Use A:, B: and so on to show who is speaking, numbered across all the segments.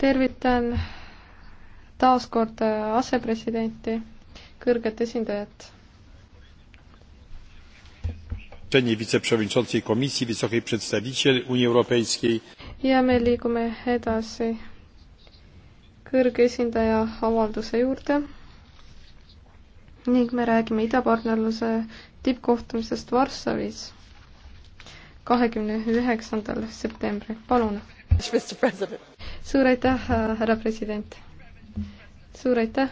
A: tervitan taas kord äh, asepresidenti, kõrget esindajat.
B: wiceprzewodniczącej komisji wysokiej przedstawiciel Unii Europejskiej.
A: ja me liigume edasi kõrge esindaja avalduse juurde ning me räägime idapartnerluse tippkohtumisest Varssavis kahekümne üheksandal septembril, palun. suur aitäh, härra president. suur aitäh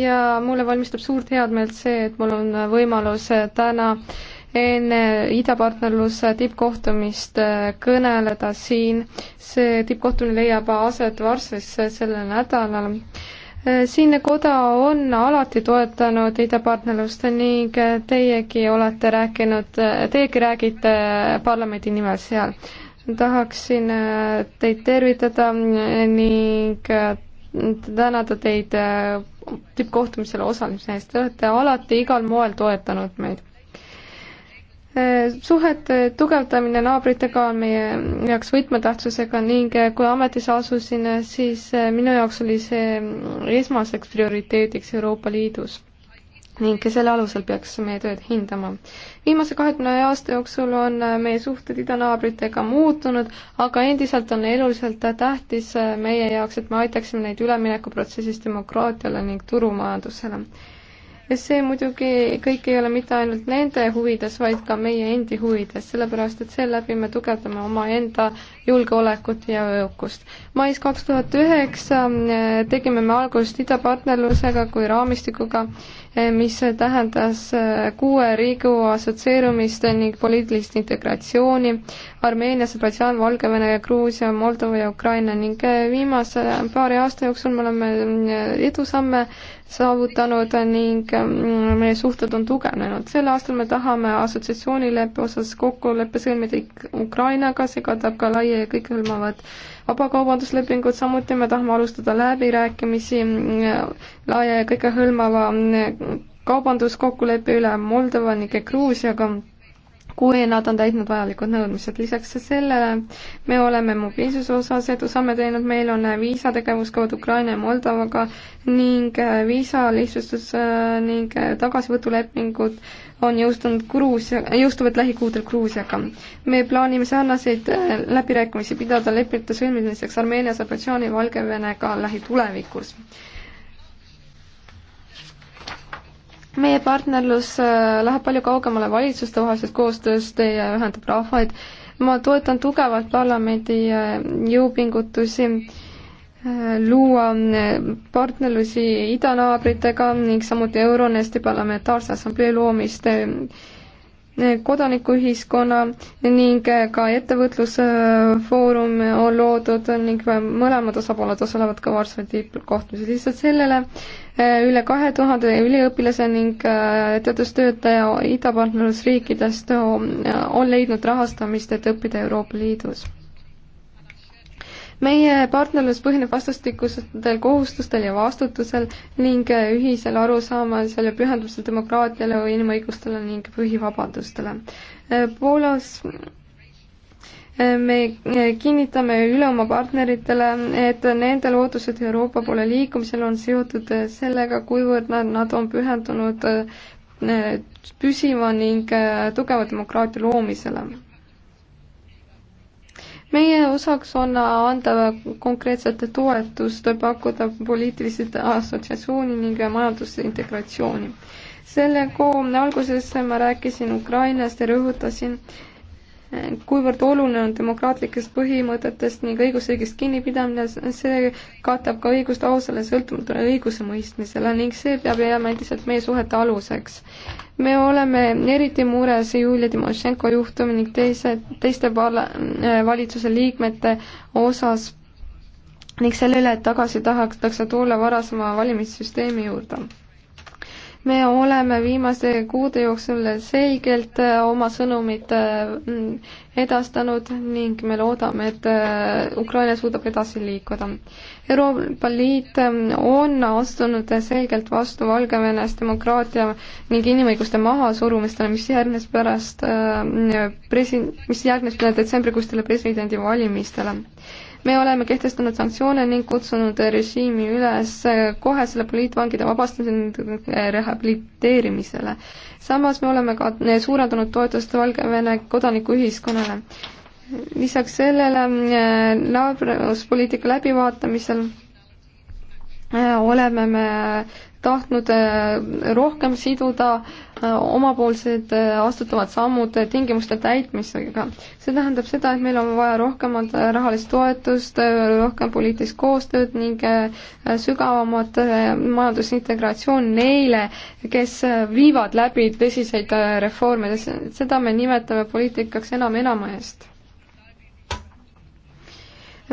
A: ja mulle valmistab suurt headmeelt see, et mul on võimalus täna enne idapartnerluse tippkohtumist kõneleda siin. see tippkohtumine leiab aset Varssavis sellel nädalal siinne koda on alati toetanud idapartnerlust ning teiegi olete rääkinud, teiegi räägite parlamendi nimel seal. tahaksin teid tervitada ning tänada teid tippkohtumisel osalemise eest, te olete alati igal moel toetanud meid suhete tugevdamine naabritega on meie jaoks võtmetähtsusega ning eh, kui ametisse asusin, eh, siis eh, minu jaoks oli see esmaseks prioriteediks Euroopa Liidus ning selle alusel peaks meie tööd hindama. viimase kahekümne aasta jooksul on meie suhted idanaabritega muutunud, aga endiselt on eluliselt tähtis meie jaoks, et me aitaksime neid üleminekuprotsessis demokraatiale ning turumajandusele ja see muidugi kõik ei ole mitte ainult nende huvides, vaid ka meie endi huvides, sellepärast et seeläbi me tugevdame omaenda julgeolekut ja jõukust. mais kaks tuhat üheksa eh, tegime me algust idapartnerlusega kui raamistikuga, eh, mis tähendas eh, kuue riigi assotsieerumist ning poliitilist integratsiooni Armeenia, Aserbaidžaan, Valgevene, Gruusia, Moldova ja Ukraina ning viimase paari aasta jooksul me oleme edusamme saavutanud ning mm, meie suhted on tugevnenud. sel aastal me tahame assotsiatsioonileppe osas kokkuleppe sõlmida Ukrainaga, see katab ka laia ja kõikehõlmavat vabakaubanduslepingut, samuti me tahame alustada läbirääkimisi mm, laia ja kõikehõlmava mm, kaubanduskokkuleppe üle Moldova ning Gruusiaga kui nad on täitnud vajalikud nõudmised. lisaks sellele me oleme mobiilsuse osas edusamme teinud, meil on viisategevuskood Ukraina ja Moldovaga ning äh, viisalihtsustus äh, ning äh, tagasivõtulepingud on jõustunud Gruusia, jõustuvad lähikuudel Gruusiaga. me plaanime sarnaseid läbirääkimisi pidada lepete sõlmimiseks Armeenia, Aserbaidžaani, Valgevenega lähitulevikus meie partnerlus äh, läheb palju kaugemale valitsustevahelisest koostööst ja ühendab rahvaid. ma toetan tugevalt parlamendi äh, jõupingutusi äh, luua partnerlusi idanaabritega ning samuti Euronesti parlamentaarse assamblee loomist kodanikuühiskonna ning ka ettevõtlusfoorum on loodud ning mõlemad osapooled osalevad ka Varssavi tippkohtumisel. lihtsalt sellele eh, üle kahe tuhande üliõpilase ning eh, teadustöötaja idapartnerlusriikidest eh, on leidnud rahastamist, et õppida Euroopa Liidus meie partnerlus põhineb vastastikustel kohustustel ja vastutusel ning ühisel arusaamisel ja pühendumisel demokraatiale, inimõigustele ning põhivabadustele. Poolas me kinnitame üle oma partneritele, et nende lootused Euroopa poole liikumisel on seotud sellega, kuivõrd nad, nad on pühendunud püsiva ning tugeva demokraatia loomisele meie osaks on anda konkreetset toetust, pakkuda poliitilisi assotsiatsiooni ning majandusintegratsiooni. selle kuu alguses ma rääkisin Ukrainast ja rõhutasin, kuivõrd oluline on demokraatlikest põhimõtetest ning õigusriigist kinnipidamine, see katab ka õigust ausale sõltumatule õigusemõistmisele ning see peab jääma endiselt meie suhete aluseks me oleme eriti mures Julia Timošenko juhtumi ning teise, teiste parla-, äh, valitsuse liikmete osas ning selle üle, et tagasi tahetakse tulla varasema valimissüsteemi juurde me oleme viimase kuude jooksul selgelt äh, oma sõnumit äh, mm, edastanud ning me loodame, et äh, Ukraina suudab edasi liikuda. Euroopa Liit ähm, on astunud selgelt vastu Valgevenes demokraatia ning inimõiguste mahasurumistele, mis järgnes pärast mm, presi-, mis järgnes detsembrikuistele presidendivalimistele me oleme kehtestanud sanktsioone ning kutsunud režiimi üles kohe selle poliitvangide vabastamisele rehabiliteerimisele. samas me oleme ka suurendanud toetust Valgevene kodanikuühiskonnale. lisaks sellele eh, naabruspoliitika läbivaatamisel Äh, oleme me tahtnud äh, rohkem siduda äh, omapoolsed astutavad sammud tingimuste täitmisega. see tähendab seda, et meil on vaja rohkemat rahalist toetust, rohkem poliitilist koostööd ning sügavamat majandusintegratsioon neile, kes viivad läbi tõsiseid reforme, seda me nimetame poliitikaks enam enama eest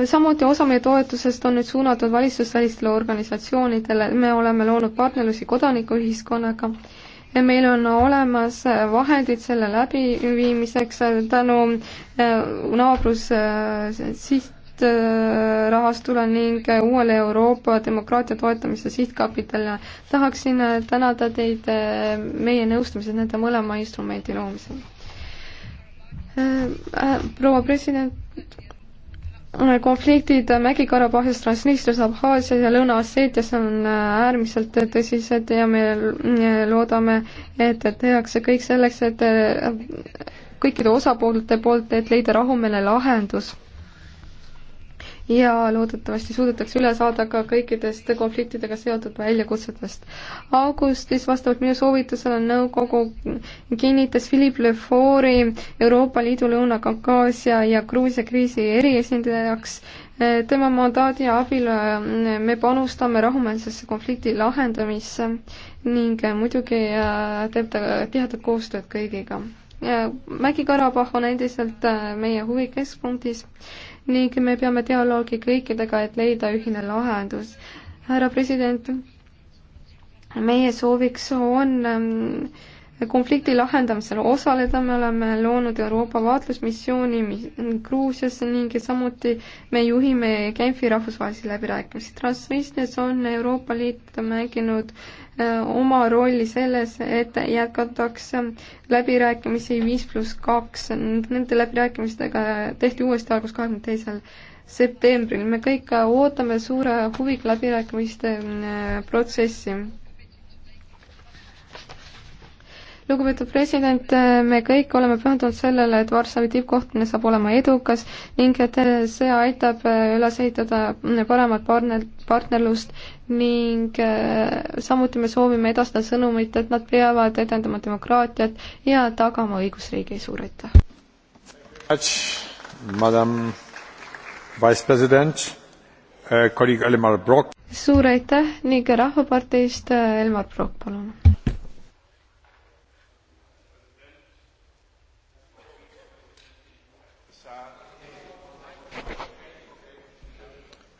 A: samuti osa meie toetusest on nüüd suunatud valitsusvälistele organisatsioonidele, me oleme loonud partnerlusi kodanikuühiskonnaga, meil on olemas vahendid selle läbiviimiseks tänu äh, naabrus äh, sihtrahastule äh, ning uuele Euroopa demokraatia toetamise sihtkapitalile. tahaksin tänada teid meie nõustamise nende mõlema instrumendi loomisel. proua president, konfliktid Mägi-Karabahhis, Transnistrias, Abhaasias ja Lõuna-Osseetias on äärmiselt tõsised ja me loodame, et tehakse kõik selleks, et kõikide osapoolte poolt, et leida rahumeelne lahendus ja loodetavasti suudetakse üle saada ka kõikidest konfliktidega seotud väljakutsetest. augustis vastavalt minu soovitusele nõukogu kinnitas Philip Lefori Euroopa Liidu Lõuna-Kaukaasia ja Gruusia kriisi eriesindajaks. tema mandaadi abil äh, me panustame rahumeelsesse konflikti lahendamisse ning äh, muidugi äh, teeb ta tihedat koostööd kõigiga. Mägi-Karabahh on endiselt meie huvi keskpunktis ning me peame dialoogi kõikidega, et leida ühine lahendus. härra president, meie sooviks on ähm, konflikti lahendamisel osaleda, me oleme loonud Euroopa vaatlusmissiooni Gruusiasse ning samuti me juhime Genfi rahvusvahelisi läbirääkimisi. transnistis on Euroopa Liit mänginud äh, oma rolli selles, et jätkatakse läbirääkimisi viis pluss kaks, nende läbirääkimistega tehti uuesti algus kahekümne teisel septembril, me kõik ootame suure huviga läbirääkimiste äh, protsessi lugupeetud president, äh, me kõik oleme pühendunud sellele, et Varssavi tippkohtumine saab olema edukas ning et äh, see aitab äh, üles ehitada mm, paremat partner, partnerlust ning samuti me soovime edastada sõnumit, et nad peavad edendama demokraatiat ja tagama õigusriigi. suur aitäh!
B: Madam Vice President kolleeg Elmar Brok.
A: suur aitäh ning Rahvaparteist Elmar Brok, palun.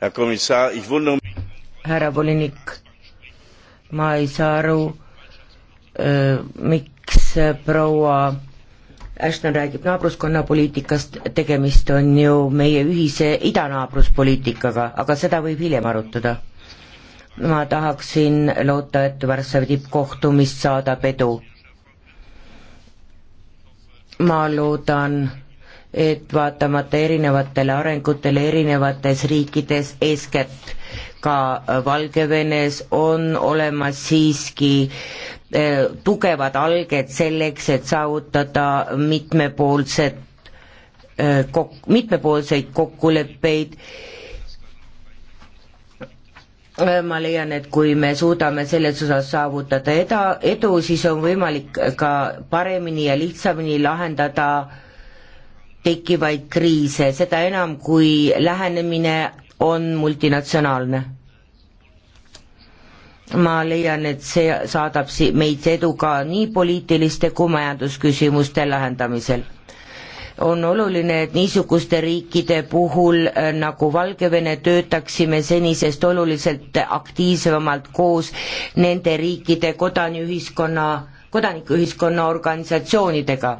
C: härra komissar, ich wundere härra volinik, ma ei saa aru, äh, miks proua Ashton räägib naabruskonnapoliitikast, tegemist on ju meie ühise idanaabruspoliitikaga, aga seda võib hiljem arutada. ma tahaksin loota, et Varssavi tippkohtumist saadab edu. ma loodan, et vaatamata erinevatele arengutele erinevates riikides, eeskätt ka äh, Valgevenes, on olemas siiski äh, tugevad alged selleks, et saavutada mitmepoolset äh, kok-, mitmepoolseid kokkuleppeid ma leian, et kui me suudame selles osas saavutada eda-, edu, siis on võimalik ka paremini ja lihtsamini lahendada tekkivaid kriise, seda enam, kui lähenemine on multinatsionaalne. ma leian, et see saadab si-, meid edu ka nii poliitiliste kui majandusküsimuste lahendamisel. on oluline, et niisuguste riikide puhul äh, nagu Valgevene töötaksime senisest oluliselt aktiivsemalt koos nende riikide kodaniühiskonna, kodanikuühiskonna organisatsioonidega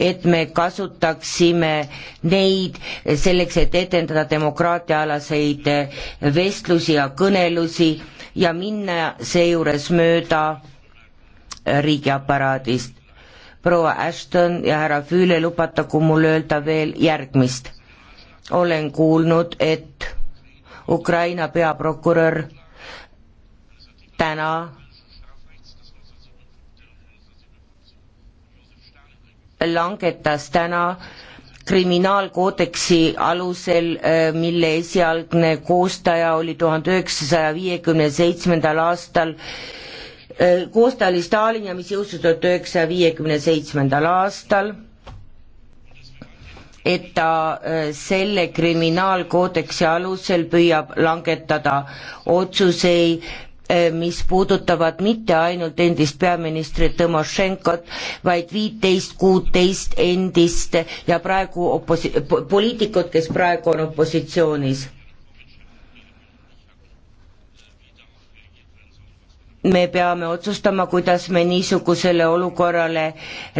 C: et me kasutaksime neid selleks, et etendada demokraatiaalaseid vestlusi ja kõnelusi ja minna seejuures mööda riigiaparaadist. proua Ashton ja härra Füüle, lubatagu mul öelda veel järgmist. olen kuulnud, et Ukraina peaprokurör täna langetas täna kriminaalkoodeksi alusel, äh, mille esialgne koostaja oli tuhande üheksasaja viiekümne seitsmendal aastal, äh, koostaja oli Stalin ja mis jõustus tuhat üheksasaja viiekümne seitsmendal aastal, et ta äh, selle kriminaalkoodeksi alusel püüab langetada otsuseid Eh, mis puudutavad mitte ainult endist peaministrit Tõmošenkot, vaid viiteist, kuuteist endist ja praegu oposi-, poliitikut, kes praegu on opositsioonis. me peame otsustama, kuidas me niisugusele olukorrale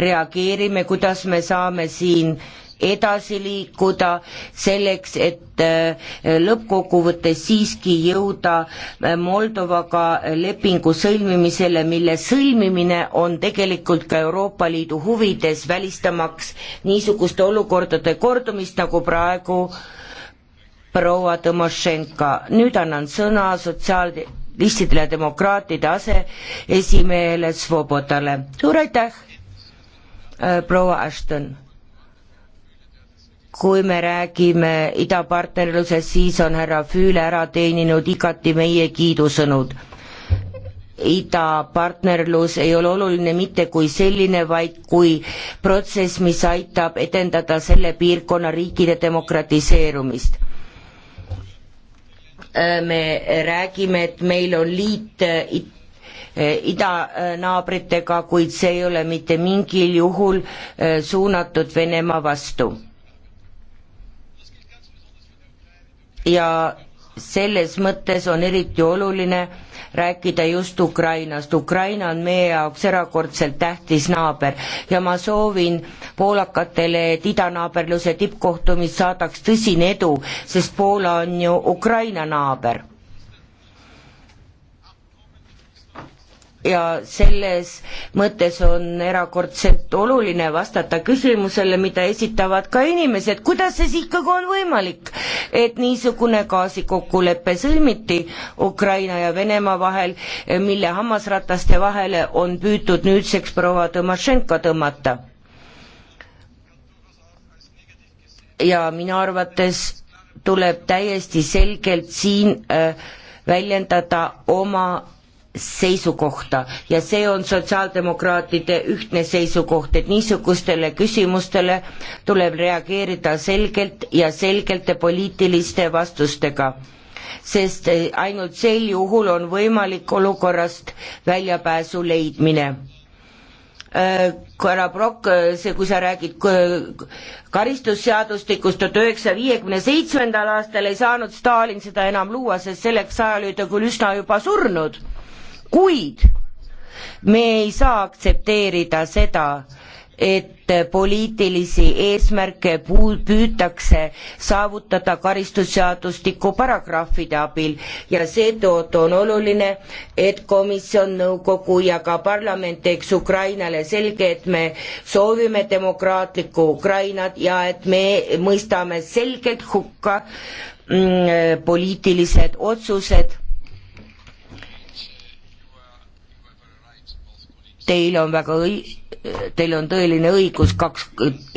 C: reageerime, kuidas me saame siin äh, edasi liikuda, selleks et äh, lõppkokkuvõttes siiski jõuda äh, Moldovaga lepingu sõlmimisele, mille sõlmimine on tegelikult ka Euroopa Liidu huvides, välistamaks niisuguste olukordade kordumist, nagu praegu proua Tõmošenka. nüüd annan sõna sotsiaalistidele demokraatide aseesimehele Svobodale. suur aitäh, äh, proua Ashton! kui me räägime idapartnerlusest, siis on härra Füüle ära teeninud igati meie kiidusõnud. idapartnerlus ei ole oluline mitte kui selline, vaid kui protsess, mis aitab edendada selle piirkonna riikide demokratiseerumist me räägime, et meil on liit eh, idanaabritega, kuid see ei ole mitte mingil juhul eh, suunatud Venemaa vastu ja selles mõttes on eriti oluline rääkida just Ukrainast. Ukraina on meie jaoks erakordselt tähtis naaber ja ma soovin poolakatele, et idanaaberluse tippkohtumist saadaks tõsine edu, sest Poola on ju Ukraina naaber. ja selles mõttes on erakordselt oluline vastata küsimusele, mida esitavad ka inimesed, kuidas siis ikkagi on võimalik, et niisugune gaasikokkulepe sõlmiti Ukraina ja Venemaa vahel, mille hammasrataste vahele on püütud nüüdseks proua Tõmašenko tõmmata. ja minu arvates tuleb täiesti selgelt siin äh, väljendada oma seisukohta ja see on sotsiaaldemokraatide ühtne seisukoht, et niisugustele küsimustele tuleb reageerida selgelt ja selgelte poliitiliste vastustega. sest eh, ainult sel juhul on võimalik olukorrast väljapääsu leidmine äh, härra Brock, eh, see, kui sa räägid eh, karistusseadustikust tuhat üheksasaja viiekümne seitsmendal aastal ei saanud Stalin seda enam luua, sest selleks ajal oli ta küll üsna juba surnud kuid me ei saa aktsepteerida seda, et poliitilisi eesmärke püütakse saavutada karistusseadustiku paragrahvide abil ja seetõttu on oluline, et komisjon, nõukogu ja ka parlament teeks Ukrainale selge, et me soovime demokraatlikku Ukrainat ja et me mõistame selgelt hukka mm, poliitilised otsused, teil on väga õi-, teil on tõeline õigus, kaks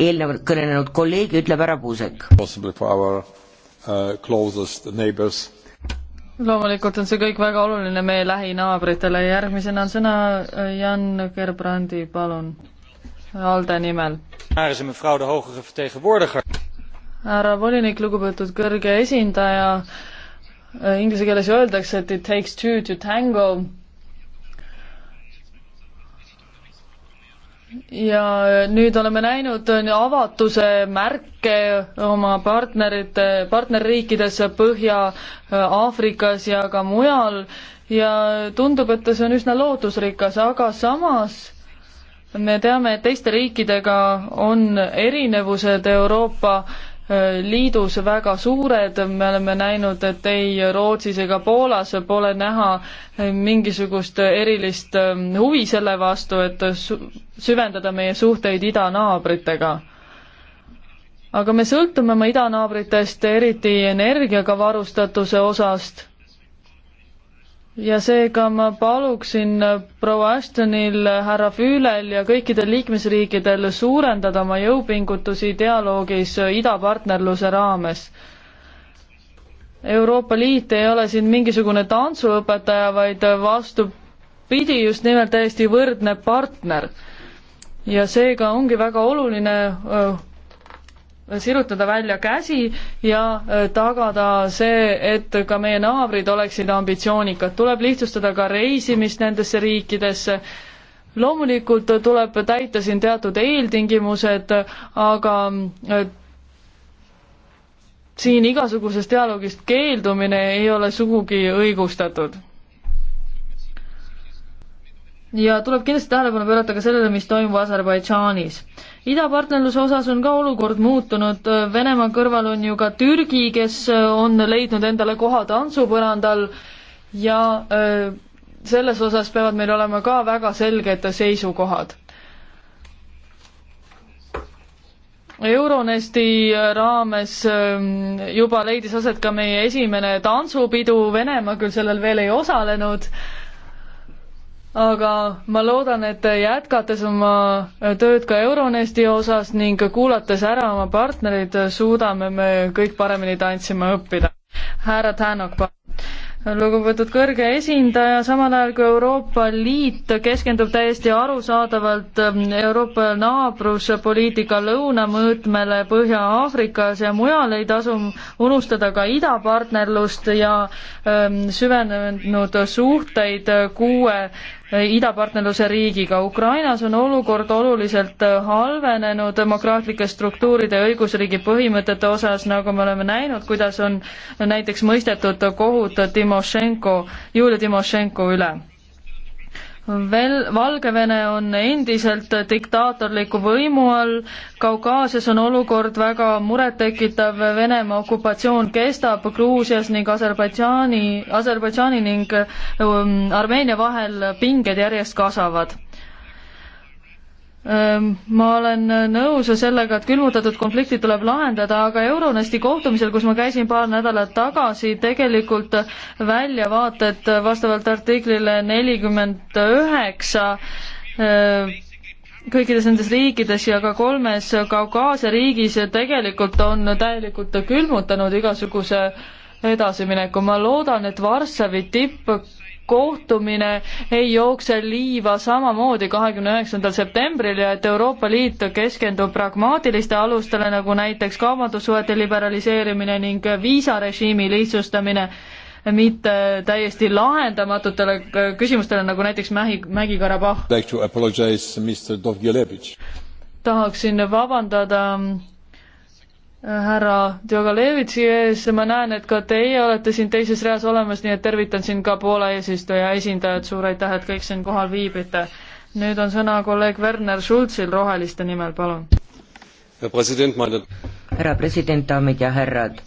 C: eelnevalt kõnelenud kolleegi ütleb ära Puusek. Uh,
D: loomulikult on see kõik väga oluline meie lähinaabritele, järgmisena on sõna äh, Jan Gerbrandi, palun, ALDE nimel. härra volinik, lugupeetud kõrge esindaja, äh, inglise keeles ju öeldakse, et it takes two to tango ja nüüd oleme näinud avatuse märke oma partnerite, partnerriikides Põhja-Aafrikas ja ka mujal ja tundub, et see on üsna lootusrikas, aga samas me teame, et teiste riikidega on erinevused Euroopa Liidus väga suured, me oleme näinud, et ei Rootsis ega Poolas pole näha mingisugust erilist ähm, huvi selle vastu, et süvendada meie suhteid idanaabritega. aga me sõltume oma idanaabritest eriti energiaga varustatuse osast ja seega ma paluksin proua Ashtonil, härra Füülel ja kõikidel liikmesriikidel suurendada oma jõupingutusi dialoogis idapartnerluse raames. Euroopa Liit ei ole siin mingisugune tantsuõpetaja, vaid vastupidi, just nimelt täiesti võrdne partner. ja seega ongi väga oluline sirutada välja käsi ja äh, tagada see, et ka meie naabrid oleksid ambitsioonikad. tuleb lihtsustada ka reisimist nendesse riikidesse. loomulikult tuleb täita siin teatud eeltingimused, aga äh, siin igasugusest dialoogist keeldumine ei ole sugugi õigustatud ja tuleb kindlasti tähelepanu pöörata ka sellele, mis toimub Aserbaidžaanis idapartnerluse osas on ka olukord muutunud, Venemaa kõrval on ju ka Türgi, kes on leidnud endale koha tantsupõrandal ja äh, selles osas peavad meil olema ka väga selged seisukohad. Euronesti raames äh, juba leidis aset ka meie esimene tantsupidu, Venemaa küll sellel veel ei osalenud aga ma loodan, et te jätkates oma tööd ka Euronesti osas ning kuulates ära oma partnerid, suudame me kõik paremini tantsima õppida. härra Tänok, lugupeetud kõrge esindaja, samal ajal kui Euroopa Liit keskendub täiesti arusaadavalt Euroopa naabruspoliitika lõunamõõtmele Põhja-Aafrikas ja mujal, ei tasu unustada ka idapartnerlust ja öö, ähm, süvenenud suhteid kuue idapartnerluse riigiga. Ukrainas on olukord oluliselt äh, halvenenud demokraatlike struktuuride ja õigusriigi põhimõtete osas, nagu me oleme näinud, kuidas on näiteks mõistetud kohut Timošenko, Julia Timošenko üle veel Valgevene on endiselt diktaatorliku võimu all, Kaukaasias on olukord väga murettekitav, Venemaa okupatsioon kestab Gruusias ning Aserbaidžaani, Aserbaidžaani ning um, Armeenia vahel pinged järjest kasvavad Ehm, ma olen nõus sellega, et külmutatud konfliktid tuleb lahendada, aga Euronesti kohtumisel, kus ma käisin paar nädalat tagasi, tegelikult väljavaated vastavalt artiklile nelikümmend üheksa ehm, kõikides nendes riikides ja ka kolmes Kaukaasia riigis tegelikult on täielikult külmutanud igasuguse edasimineku. ma loodan, et Varssavi tipp kohtumine ei jookse liiva samamoodi kahekümne üheksandal septembril ja et Euroopa Liit keskendub pragmaatiliste alustele, nagu näiteks kaubandussuhete liberaliseerimine ning viisarežiimi lihtsustamine, mitte täiesti lahendamatutele küsimustele, nagu näiteks Mähi, Mägi-Karabahh. tahaksin vabandada härra Djogalevitši ees, ma näen, et ka teie olete siin teises reas olemas, nii et tervitan siin ka Poola eesistuja esindajad, suur aitäh, et kõik siin kohal viibite. nüüd on sõna kolleeg Werner Schulzil Roheliste nimel, palun.
C: härra president, daamid ja härrad.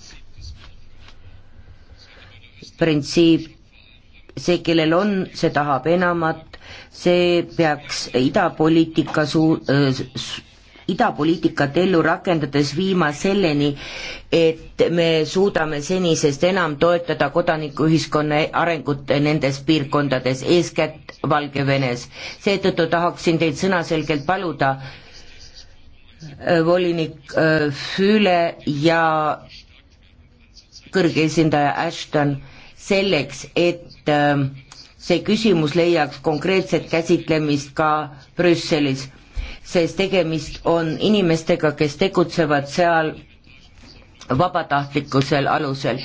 C: printsiip, see, kellel on, see tahab enamat, see peaks idapoliitika suu-, äh, idapoliitikat ellu rakendades viima selleni, et me suudame senisest enam toetada kodanikuühiskonna arengut nendes piirkondades, eeskätt Valgevenes. seetõttu tahaksin teid sõnaselgelt paluda, äh, volinik äh, Füüle ja kõrge esindaja Ashton, selleks, et äh, see küsimus leiaks konkreetset käsitlemist ka Brüsselis sest tegemist on inimestega, kes tegutsevad seal vabatahtlikkusel alusel.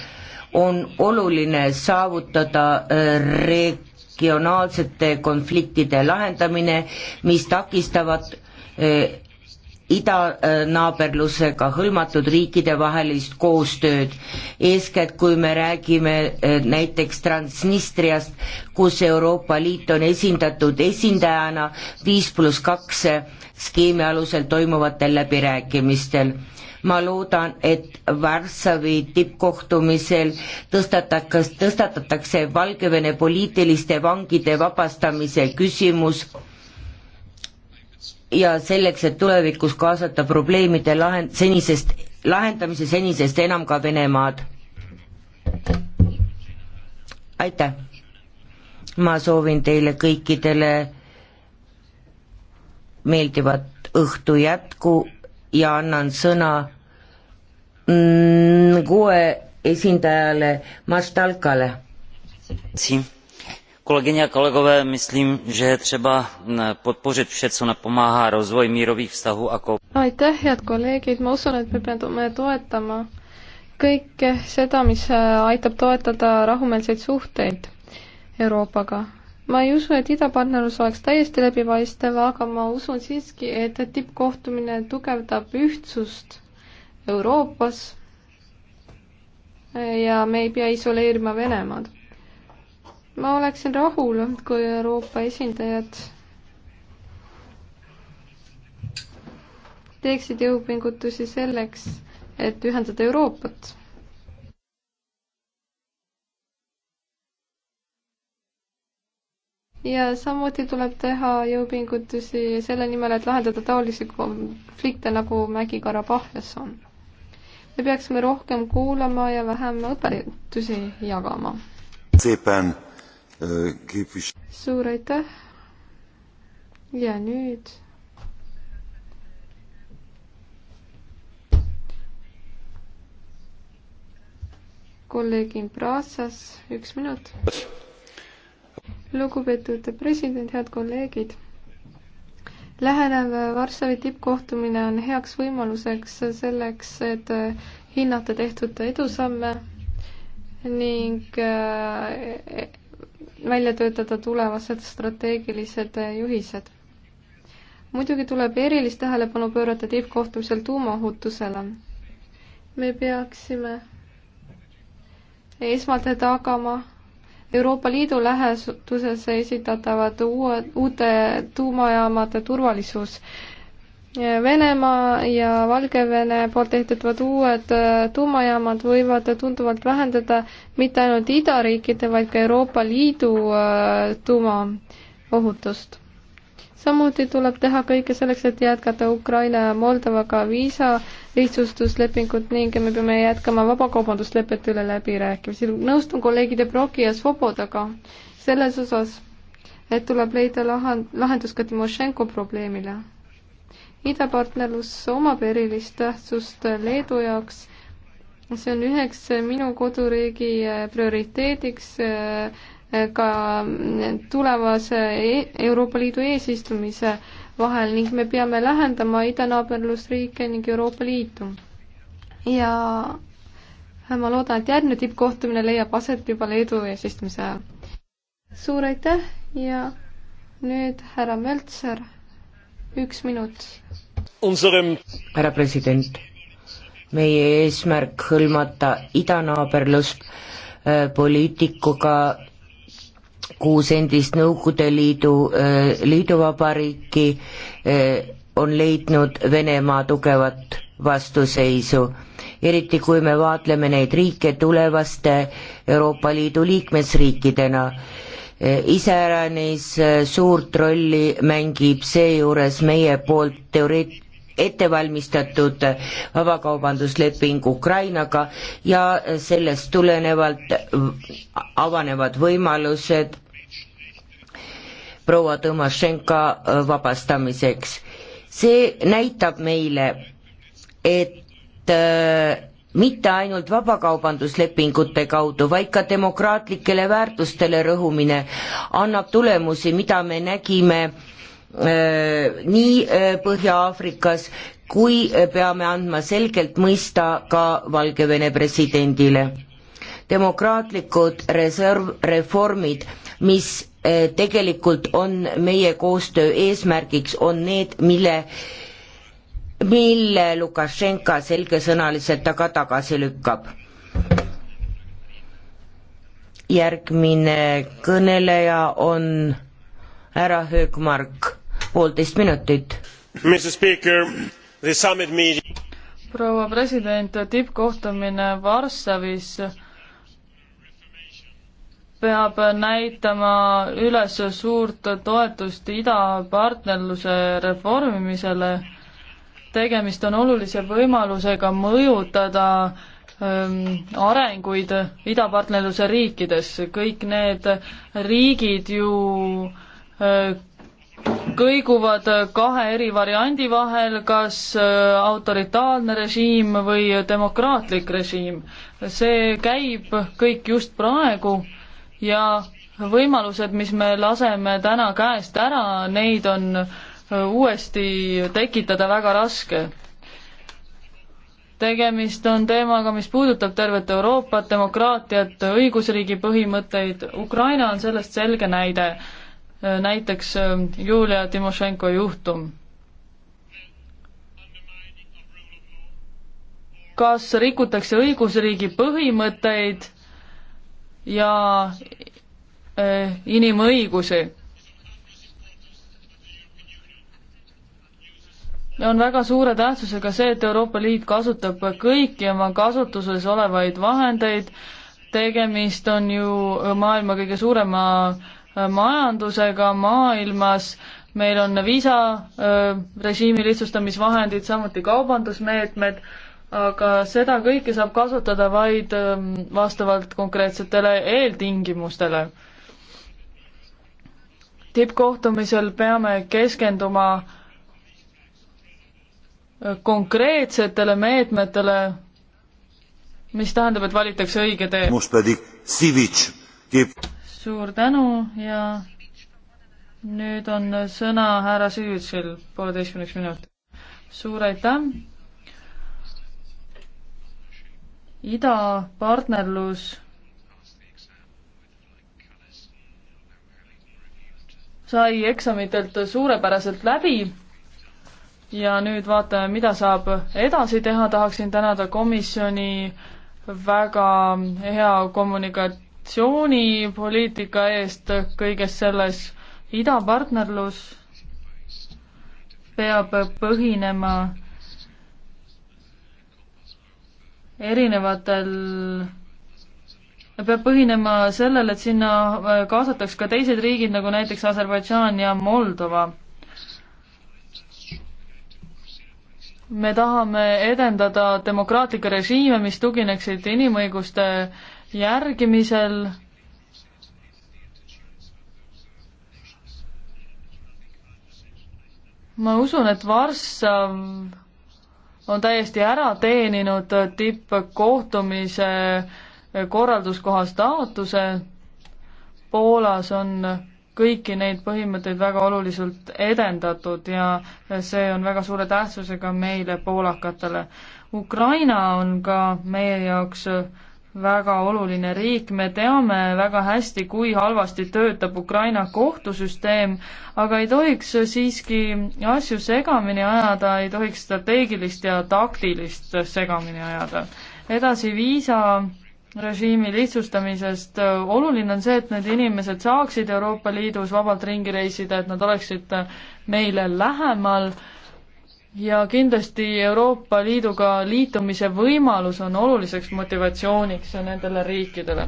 C: on oluline saavutada äh, regionaalsete konfliktide lahendamine, mis takistavad äh, idanaaberlusega hõlmatud riikide vahelist koostööd, eeskätt kui me räägime äh, näiteks Transnistriast, kus Euroopa Liit on esindatud esindajana viis pluss kaks skeemi alusel toimuvatel läbirääkimistel. ma loodan, et Varssavi tippkohtumisel tõstatatakse, tõstatatakse Valgevene poliitiliste vangide vabastamise küsimus ja selleks, et tulevikus kaasata probleemide lahend-, senisest, lahendamise senisest enam ka Venemaad. aitäh! ma soovin teile kõikidele meeldivat õhtu jätku ja annan sõna mm, kuue esindajale Mastalkale.
B: Kolegyně a kolegové, myslím, že je třeba mm, podpořit vše, co napomáhá rozvoj mírových vztahů a ko-
C: Aitäh,
A: head kolleegid, ma usun, et me peame toetama kõike seda, mis äh, aitab toetada rahumeelseid suhteid Euroopaga ma ei usu, et idapartnerlus oleks täiesti läbipaistev, aga ma usun siiski, et tippkohtumine tugevdab ühtsust Euroopas ja me ei pea isoleerima Venemaad. ma oleksin rahul, kui Euroopa esindajad teeksid jõupingutusi selleks, et ühendada Euroopat ja samuti tuleb teha jõupingutusi selle nimel, et lahendada taolisi konflikte, nagu Mägi-Karabahhias on. me peaksime rohkem kuulama ja vähem õpetusi jagama. suur aitäh ja nüüd kolleeg Imbrasas, üks minut lugupeetud president, head kolleegid. lähenev Varssavi tippkohtumine on heaks võimaluseks selleks, et hinnata tehtud edusamme ning äh, välja töötada tulevased strateegilised juhised. muidugi tuleb erilist tähelepanu pöörata tippkohtumisel tuumaohutusele. me peaksime esmalt tagama Euroopa Liidu lähestuses esitatavad uue, uute tuumajaamade turvalisus. Venemaa ja Valgevene poolt ehitatavad uued äh, tuumajaamad võivad tunduvalt vähendada mitte ainult idariikide, vaid ka Euroopa Liidu äh, tuumaohutust samuti tuleb teha kõike selleks, et jätkata Ukraina ja Moldovaga viisa lihtsustuslepingut ning me peame jätkama vabakaubanduslepete üle läbirääkimisi. nõustun kolleegide Broki ja Svobodaga selles osas, et tuleb leida lahen-, lahendus ka Timošenko probleemile. idapartnerlus omab erilist tähtsust Leedu jaoks see on üheks minu koduriigi prioriteediks ka tulevase Euroopa Liidu eesistumise vahel ning me peame lähendama idanaaberlusriike ning Euroopa Liitu. ja ma loodan, et järgmine tippkohtumine leiab aset juba Leedu eesistumise ajal. suur aitäh ja nüüd härra Möltser, üks minut.
C: härra president, meie eesmärk hõlmata idanaaberlust äh, poliitikuga kuus endist Nõukogude Liidu, äh, liiduvabariiki äh, on leidnud Venemaa tugevat vastuseisu, eriti kui me vaatleme neid riike tulevaste Euroopa Liidu liikmesriikidena. Äh, iseäranis suurt rolli mängib seejuures meie poolt teoreet-, ettevalmistatud vabakaubandusleping Ukrainaga ja sellest tulenevalt avanevad võimalused proua Tõmašenka äh, vabastamiseks. see näitab meile, et äh, mitte ainult vabakaubanduslepingute kaudu, vaid ka demokraatlikele väärtustele rõhumine annab tulemusi, mida me nägime äh, nii Põhja-Aafrikas kui peame andma selgelt mõista ka Valgevene presidendile. demokraatlikud reserv, reformid mis eh, tegelikult on meie koostöö eesmärgiks, on need, mille mille Lukašenka selgesõnaliselt aga tagasi lükkab. järgmine kõneleja on härra Höökmark, poolteist minutit.
D: proua president, tippkohtumine Varssavis peab näitama üles suurt toetust idapartnerluse reformimisele. tegemist on olulise võimalusega mõjutada ähm, arenguid idapartnerluse riikides, kõik need riigid ju äh, kõiguvad kahe eri variandi vahel, kas äh, autoritaarne režiim või demokraatlik režiim. see käib kõik just praegu ja võimalused, mis me laseme täna käest ära, neid on äh, uuesti tekitada väga raske. tegemist on teemaga, mis puudutab tervet Euroopat, demokraatiat, õigusriigi põhimõtteid, Ukraina on sellest selge näide, äh, näiteks äh, Julia Timošenko juhtum. kas rikutakse õigusriigi põhimõtteid ja äh, inimõigusi. ja on väga suure tähtsusega see, et Euroopa Liit kasutab kõiki oma kasutuses olevaid vahendeid, tegemist on ju maailma kõige suurema äh, majandusega maailmas, meil on viisarežiimi äh, lihtsustamisvahendid, samuti kaubandusmeetmed aga seda kõike saab kasutada vaid ähm, vastavalt konkreetsetele eeltingimustele. tippkohtumisel peame keskenduma äh, konkreetsetele meetmetele, mis tähendab, et valitakse õige tee. suur tänu ja nüüd on sõna härra Sivitsil pooleteistkümneks minutiks. suur aitäh! idapartnerlus sai eksamitelt suurepäraselt läbi ja nüüd vaatame, mida saab edasi teha, tahaksin tänada komisjoni väga hea kommunikatsioonipoliitika eest kõiges selles. idapartnerlus peab
E: põhinema
D: erinevatel peab põhinema sellel, et sinna äh, kaasataks ka teised riigid, nagu näiteks Aserbaidžaan ja Moldova. me tahame edendada demokraatlikke režiime, mis tugineksid inimõiguste järgimisel, ma usun, et Varssav on täiesti ära teeninud tippkohtumise korralduskoha staatuse. Poolas on kõiki neid põhimõtteid väga oluliselt edendatud ja see on väga suure tähtsusega meile, poolakatele. Ukraina on ka meie jaoks väga oluline riik, me teame väga hästi, kui halvasti töötab Ukraina kohtusüsteem, aga ei tohiks siiski asju segamini ajada, ei tohiks strateegilist ja taktilist segamini ajada. edasi viisarežiimi lihtsustamisest, oluline on see, et need inimesed saaksid Euroopa Liidus vabalt ringi reisida, et nad oleksid meile lähemal ja kindlasti Euroopa Liiduga liitumise võimalus on oluliseks motivatsiooniks nendele riikidele.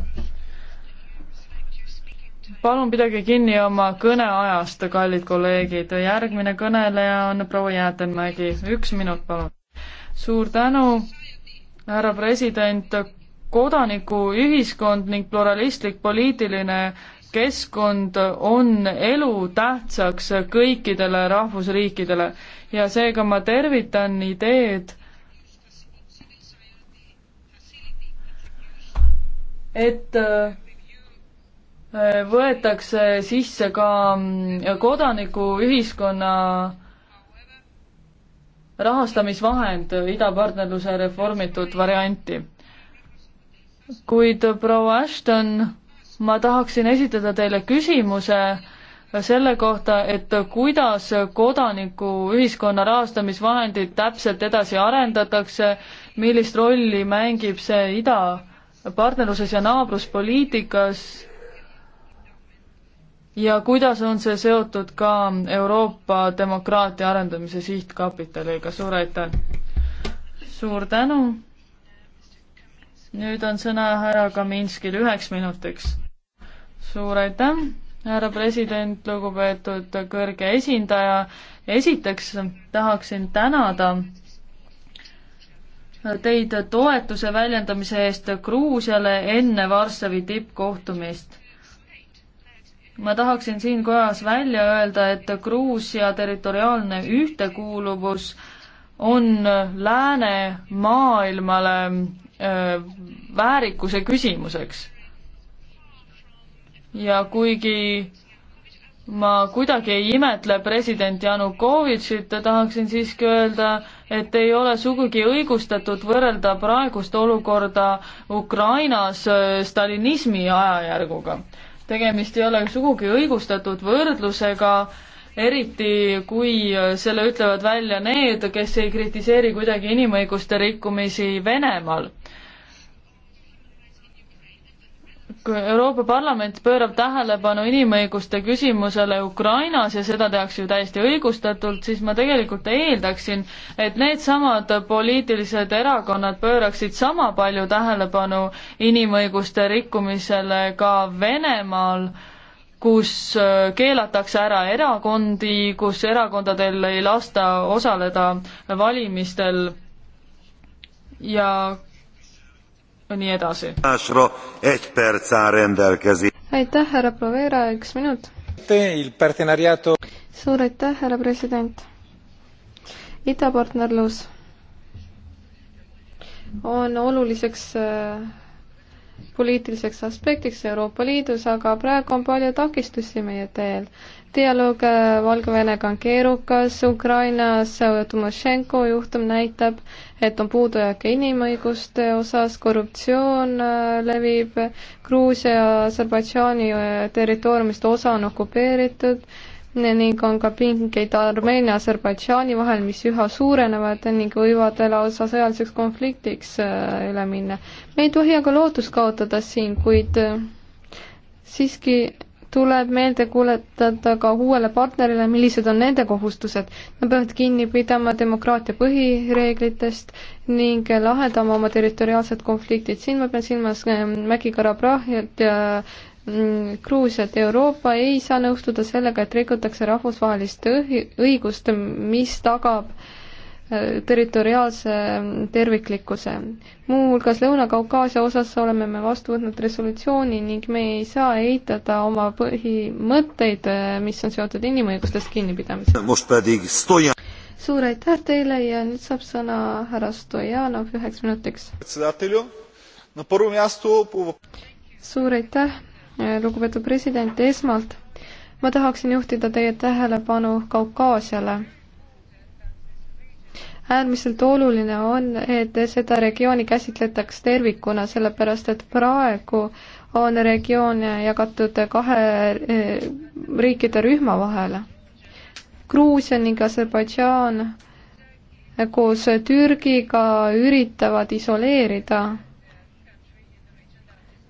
D: palun pidage kinni oma kõneajast, kallid kolleegid, järgmine kõneleja on proua Jäätenmägi, üks minut palun. suur tänu, härra president, kodanikuühiskond ning pluralistlik poliitiline keskkond on elutähtsaks kõikidele rahvusriikidele ja seega ma tervitan ideed, et äh, võetakse sisse ka äh, kodanikuühiskonna rahastamisvahend idapartnerluse reformitud varianti. kuid proua Ashton ma tahaksin esitada teile küsimuse selle kohta, et kuidas kodanikuühiskonna rahastamisvahendid täpselt edasi arendatakse, millist rolli mängib see idapartnerluses ja naabruspoliitikas ja kuidas on see seotud ka Euroopa demokraatia arendamise sihtkapitaliga, suur aitäh! suur tänu! nüüd on sõna härra Kaminskil üheks minutiks suur aitäh, härra president, lugupeetud kõrge esindaja. esiteks tahaksin tänada teid toetuse väljendamise eest Gruusiale enne Varssavi tippkohtumist ma tahaksin siin kojas välja öelda, et Gruusia territoriaalne ühtekuuluvus on läänemaailmale äh, väärikuse küsimuseks ja kuigi ma kuidagi ei imetle president Janukovitšit, tahaksin siiski öelda, et ei ole sugugi õigustatud võrrelda praegust olukorda Ukrainas äh, stalinismi ajajärguga. tegemist ei ole sugugi õigustatud võrdlusega, eriti kui äh, selle ütlevad välja need, kes ei kritiseeri kuidagi inimõiguste rikkumisi Venemaal Euroopa Parlament pöörab tähelepanu inimõiguste küsimusele Ukrainas ja seda tehakse ju täiesti õigustatult, siis ma tegelikult eeldaksin, et needsamad poliitilised erakonnad pööraksid sama palju tähelepanu inimõiguste rikkumisele ka Venemaal, kus äh, keelatakse ära erakondi, kus erakondadel ei lasta osaleda valimistel ja nii edasi.
A: aitäh, härra Provera, üks minut. suur aitäh, härra president. idapartnerlus on oluliseks äh, poliitiliseks aspektiks Euroopa Liidus, aga praegu on palju takistusi meie teel dialoog äh, Valgevenega on keerukas, Ukrainas äh, Tomašenko juhtum näitab, et on puudujääke inimõiguste osas, korruptsioon äh, levib, Gruusia ja Aserbaidžaani territooriumist osa on okupeeritud ning on ka pingeid Armeenia ja Aserbaidžaani vahel, mis üha suurenevad ning võivad lausa sõjaliseks konfliktiks üle minna. me ei tohi aga lootust kaotada siin, kuid siiski tuleb meelde kuuletada ka uuele partnerile, millised on nende kohustused. Nad peavad kinni pidama demokraatia põhireeglitest ning lahendama oma territoriaalsed konfliktid. siin ma pean silmas ähm, Mägi-Karabahhiat ja mm, Gruusiat. Euroopa ei saa nõustuda sellega, et rikutakse rahvusvahelist õigust, mis tagab äh, territoriaalse terviklikkuse. muuhulgas Lõuna-Kaukaasia osas oleme me vastu võtnud resolutsiooni ning me ei saa eitada oma põhimõtteid, mis on seotud inimõigustest
B: kinnipidamisega.
A: suur aitäh teile ja nüüd saab sõna härra Stojanov üheks minutiks. suur aitäh, lugupeetud president, esmalt ma tahaksin juhtida teie tähelepanu Kaukaasiale äärmiselt oluline on, et seda regiooni käsitletaks tervikuna, sellepärast et praegu on regioon jagatud kahe eh, riikide rühma vahele. Gruusia ning Aserbaidžaan koos Türgiga üritavad isoleerida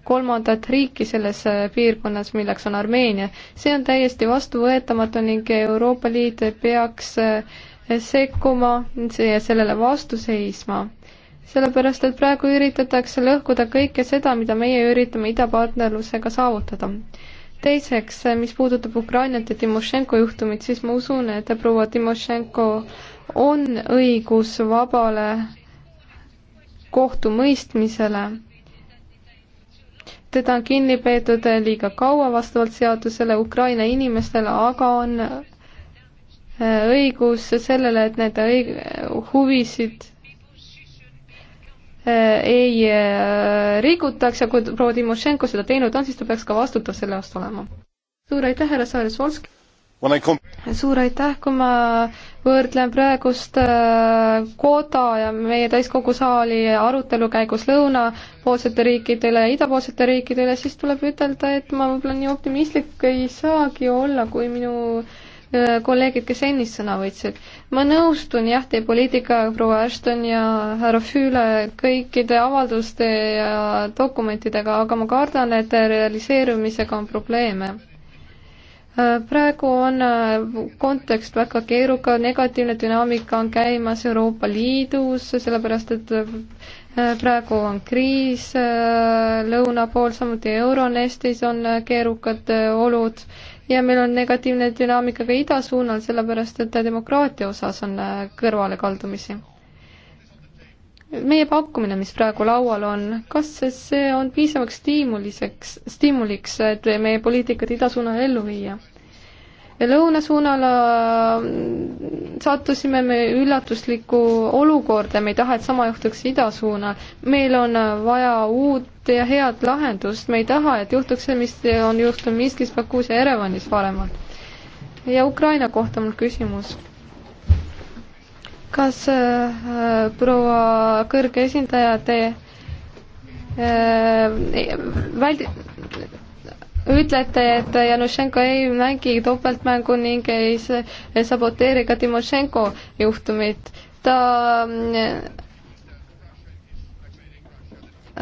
A: kolmandat riiki selles eh, piirkonnas, milleks on Armeenia. see on täiesti vastuvõetamatu ning Euroopa Liit peaks äh, sekkuma ja sellele vastu seisma. sellepärast, et praegu üritatakse lõhkuda kõike seda, mida meie üritame idapartnerlusega saavutada. teiseks, mis puudutab Ukrainat ja Timošenko juhtumit, siis ma usun, et proua Timošenko on õigus vabale kohtumõistmisele. teda on kinni peetud liiga kaua vastavalt seadusele Ukraina inimestele, aga on Äh, õigus sellele, et nende õig-, huvisid äh, ei äh, rikutaks ja kui proua Timošenko seda teinud on, siis ta peaks ka vastutav selle eest olema. suur aitäh, härra Saares-Volski! suur aitäh, kui ma võrdlen praegust koda ja meie täiskogu saali arutelu käigus lõunapoolsete riikidele ja idapoolsete riikidele, siis tuleb ütelda, et ma võib-olla nii optimistlik ei saagi olla, kui minu äh, Äh, kolleegid, kes ennist sõna võtsid. ma nõustun jah, teie poliitikaga, proua Ashton ja härra Füüle, kõikide avalduste ja dokumentidega, aga ma kardan, et realiseerumisega on probleeme. Äh, praegu on äh, kontekst väga keeruka, negatiivne dünaamika on käimas Euroopa Liidus, sellepärast et praegu on kriis äh, lõuna pool, samuti Euronestis on äh, keerukad äh, olud ja meil on negatiivne dünaamika ka ida suunal, sellepärast et demokraatia osas on kõrvalekaldumisi. meie pakkumine, mis praegu laual on, kas see on piisavaks stiimuliseks, stiimuliks, et meie poliitikat ida suunal ellu viia? lõuna suunal äh, sattusime me üllatuslikku olukorda, me ei taha, et sama juhtuks ida suunal. meil on äh, vaja uut ja head lahendust, me ei taha, et juhtuks see, mis on juhtunud Minskis, Bakuus ja Erevanis varemalt. ja Ukraina kohta mul küsimus. kas äh, proua kõrge esindaja, te äh, väld-, ütlete, et Janušenko ei mängi topeltmängu ning ei saboteeri ka Timošenko juhtumit. ta mm,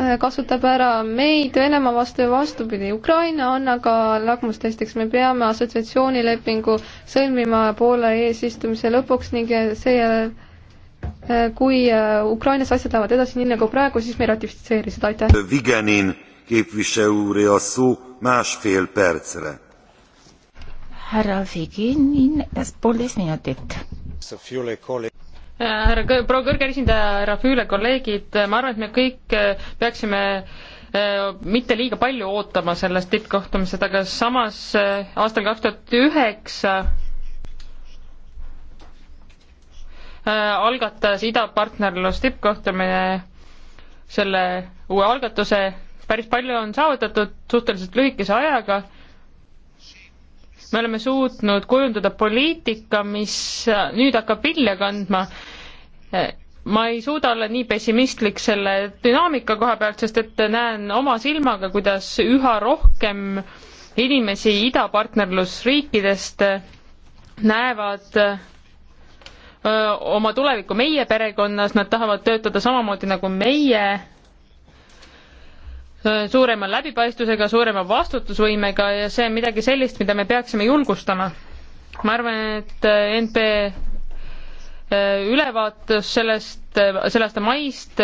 A: äh, kasutab ära meid Venemaa vastu ja vastupidi. Ukraina on aga lagmustestiks, me peame assotsiatsioonilepingu sõlmima Poola eesistumise lõpuks ning seejärel äh, kui äh, Ukrainas asjad lähevad edasi nii nagu praegu, siis me ei ratifitseeri seda,
B: aitäh képviselő úré a szó másfél percre.
F: härra Viginin,
E: poolteist minutit
F: härra proua kõrge esindaja, härra Füüle kolleegid, ma arvan, et me kõik eh, peaksime eh, mitte liiga palju ootama sellest tippkohtumisest, aga samas eh, aastal kaks tuhat üheksa algatas idapartnerlus tippkohtumine selle uue algatuse päris palju on saavutatud suhteliselt lühikese ajaga. me oleme suutnud kujundada poliitika, mis nüüd hakkab vilja kandma. ma ei suuda olla nii pessimistlik selle dünaamika koha pealt, sest et näen oma silmaga, kuidas üha rohkem inimesi idapartnerlusriikidest näevad oma tulevikku meie perekonnas, nad tahavad töötada samamoodi nagu meie suurema läbipaistvusega, suurema vastutusvõimega ja see on midagi sellist, mida me peaksime julgustama. ma arvan, et eh, NP eh, ülevaatus sellest, eh, selle aasta maist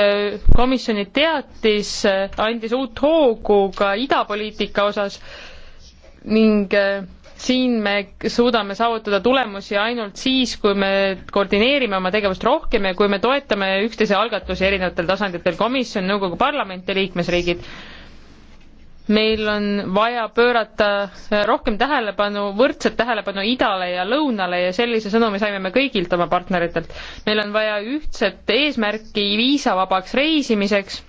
F: komisjoni teatis andis uut hoogu ka idapoliitika osas ning siin me suudame saavutada tulemusi ainult siis, kui me koordineerime oma tegevust rohkem ja kui me toetame üksteise algatusi erinevatel tasanditel, komisjon, nõukogu, parlament ja liikmesriigid. meil on vaja pöörata rohkem tähelepanu, võrdset tähelepanu idale ja lõunale ja sellise sõnumi saime me kõigilt oma partneritelt. meil on vaja ühtset eesmärki viisavabaks reisimiseks,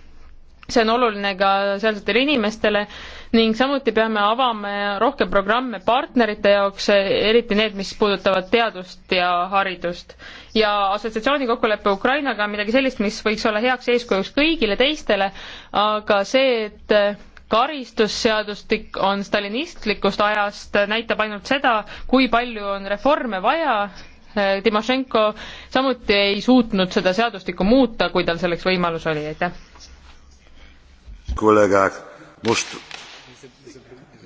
F: see on oluline ka sealsetele inimestele ning samuti peame avama rohkem programme partnerite jaoks, eriti need, mis puudutavad teadust ja haridust. ja assotsiatsiooni kokkulepe Ukrainaga on midagi sellist, mis võiks olla heaks eeskujuks kõigile teistele, aga see, et karistusseadustik on stalinistlikust ajast, näitab ainult seda, kui palju on reforme vaja. Timošenko samuti ei suutnud seda seadustikku muuta, kui tal selleks võimalus oli, aitäh.
B: kolleeg, must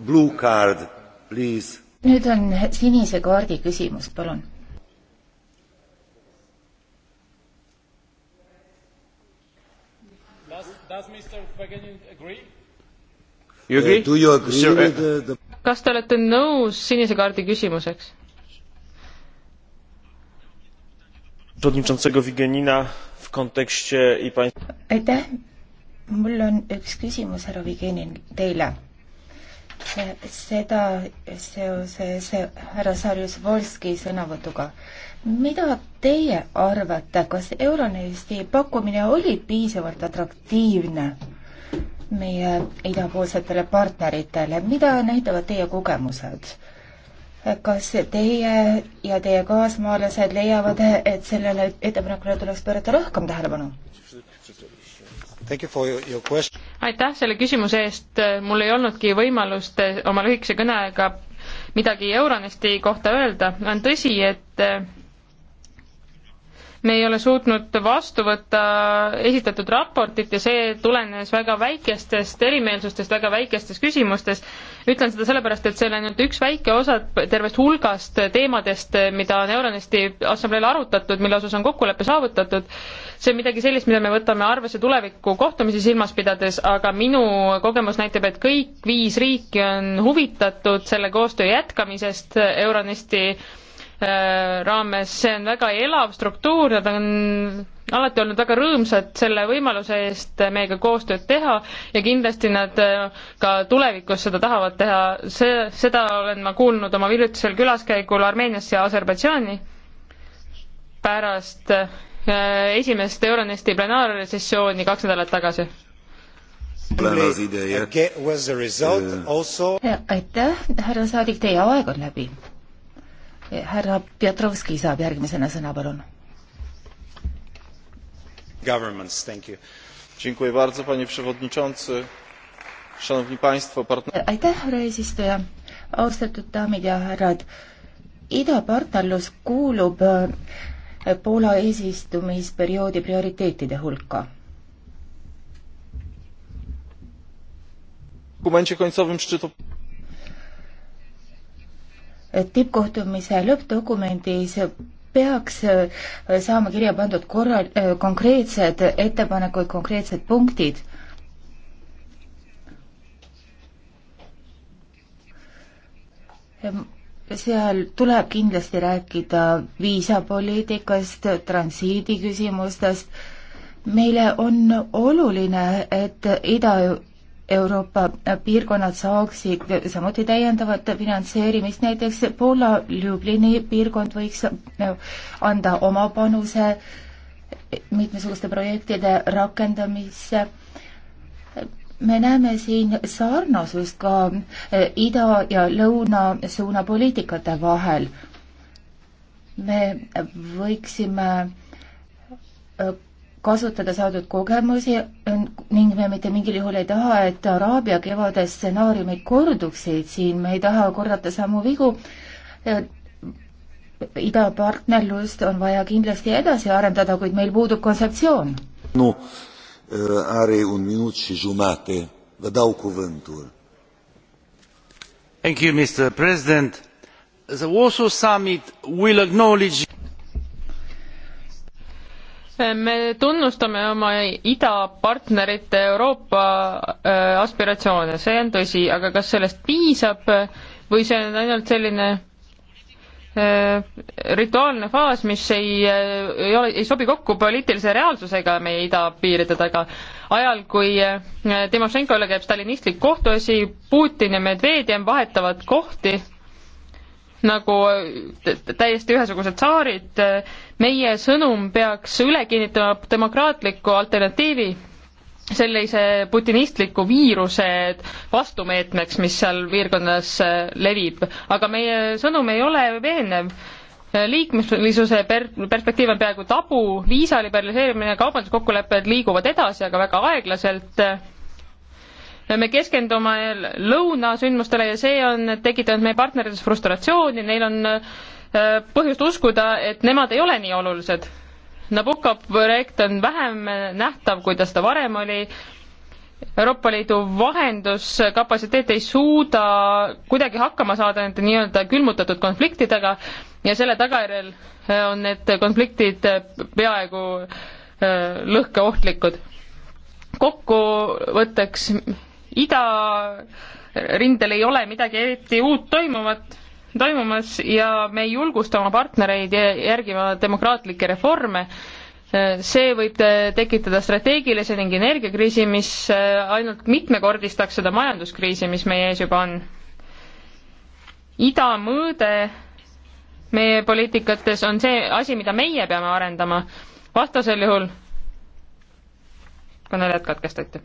B: Blue card, please.
E: nüüd on sinise kaardi küsimus, palun
F: uh, kas te olete nõus sinise kaardi küsimuseks?
E: aitäh, mul on üks küsimus, härra Vigenin, teile seda seoses härra Sarjus Volski sõnavõtuga. mida teie arvate, kas Euronesti pakkumine oli piisavalt atraktiivne meie idapoolsetele partneritele, mida näitavad teie kogemused? kas teie ja teie kaasmaalased leiavad, et sellele ettepanekule tuleks pöörata rohkem tähelepanu?
B: You
E: aitäh
F: selle küsimuse eest, mul ei olnudki võimalust oma lühikese kõnega midagi Euronesti kohta öelda, on tõsi, et me ei ole suutnud vastu võtta esitatud raportit ja see tulenes väga väikestest erimeelsustest, väga väikestes küsimustes. ütlen seda sellepärast, et see on ainult üks väike osa tervest hulgast teemadest, mida on Euronesti assambleel arutatud, mille osas on kokkulepe saavutatud. see on midagi sellist, mida me võtame arvesse tuleviku kohtumisi silmas pidades, aga minu kogemus näitab, et kõik viis riiki on huvitatud selle koostöö jätkamisest Euronesti Äh, raames, see on väga elav struktuur, nad on alati olnud väga rõõmsad selle võimaluse eest meiega koostööd teha ja kindlasti nad äh, ka tulevikus seda tahavad teha. see, seda olen ma kuulnud oma hiljutisel külaskäigul Armeeniasse ja Aserbaidžaani pärast äh, esimest Euronesti plenaarsessiooni kaks nädalat tagasi
E: aitäh, härra saadik, teie aeg on läbi härra Pjatrovski saab järgmisena sõna, palun.
G: Governments, thank you. Dziękuję bardzo, panie przewodniczący. Szanowni państwo, partner...
E: aitäh, härra eesistuja. austatud daamid ja härrad. idapartnerlus kuulub äh, Poola eesistumisperioodi prioriteetide hulka
G: dokumencie końcowym szczytu
E: tippkohtumise lõppdokumendis peaks äh, saama kirja pandud korral, äh, konkreetsed ettepanekud, konkreetsed punktid. seal tuleb kindlasti rääkida viisapoliitikast, transiidi küsimustest. meile on oluline, et Ida Euroopa piirkonnad saaksid samuti täiendavat finantseerimist, näiteks Poola Ljublini piirkond võiks äh, anda oma panuse mitmesuguste projektide rakendamisse. me näeme siin sarnasust ka äh, ida ja lõuna suuna poliitikate vahel. me võiksime äh, kasutada saadud kogemusi ning me mitte mingil juhul ei taha, et Araabia kevade stsenaariumid korduksid siin, me ei taha korrata samu vigu. idapartnerlust on vaja kindlasti edasi arendada, kuid meil puudub kontseptsioon.
B: no eh, are un minut și jumate, vă dau cuvântul. Thank you, Mr President. The Warsaw Summit will acknowledge
F: me tunnustame oma idapartnerite Euroopa äh, aspiratsioone, see on tõsi, aga kas sellest piisab või see on ainult selline äh, rituaalne faas, mis ei, äh, ei ole, ei sobi kokku poliitilise reaalsusega meie idapiiride taga. ajal, kui Timošenko üle käib stalinistlik kohtuasi, Putin ja Medvedjev vahetavad kohti nagu täiesti ühesugused saarid. meie sõnum peaks üle kinnitama demokraatliku alternatiivi sellise putinistliku viiruse vastumeetmeks, mis seal piirkonnas levib, aga meie sõnum ei ole veenev liikmelisuse per-, perspektiiv on peaaegu tabu, viisa liberaliseerimine, kaubanduskokkulepped liiguvad edasi, aga väga aeglaselt me keskendume lõunasündmustele ja see on tekitanud meie partnerides frustratsiooni, neil on äh, põhjust uskuda, et nemad ei ole nii olulised. Nabucco projekt on vähem nähtav, kui ta seda varem oli, Euroopa Liidu vahenduskapatsiteet ei suuda kuidagi hakkama saada nende nii-öelda külmutatud konfliktidega ja selle tagajärjel äh, on need konfliktid äh, peaaegu lõhkeohtlikud. kokkuvõtteks idarindel ei ole midagi eriti uut toimuvat, toimumas ja me ei julgusta oma partnereid järgima demokraatlikke reforme, see võib tekitada strateegilise ning energiakriisi, mis äh, ainult mitmekordistaks seda majanduskriisi, mis meie ees juba on. idamõõde meie poliitikates on see asi, mida meie peame arendama, vastasel juhul kõnelejad katkestati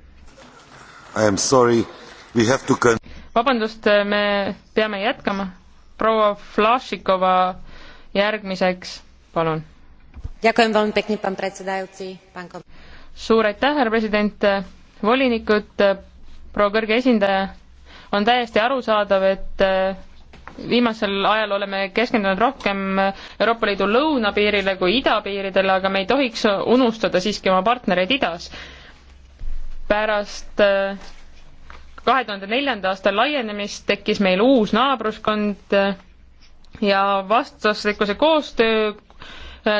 F: To... vabandust, äh, me peame jätkama. proua Flašikova järgmiseks, palun. suur aitäh, härra president, volinikud, äh, proua kõrge esindaja, on täiesti arusaadav, et äh, viimasel ajal oleme keskendunud rohkem Euroopa Liidu lõunapiirile kui idapiiridele, aga me ei tohiks unustada siiski oma partnereid idas pärast äh, kahe tuhande neljanda aasta laienemist tekkis meil uus naabruskond äh, ja vastastikuse koostöö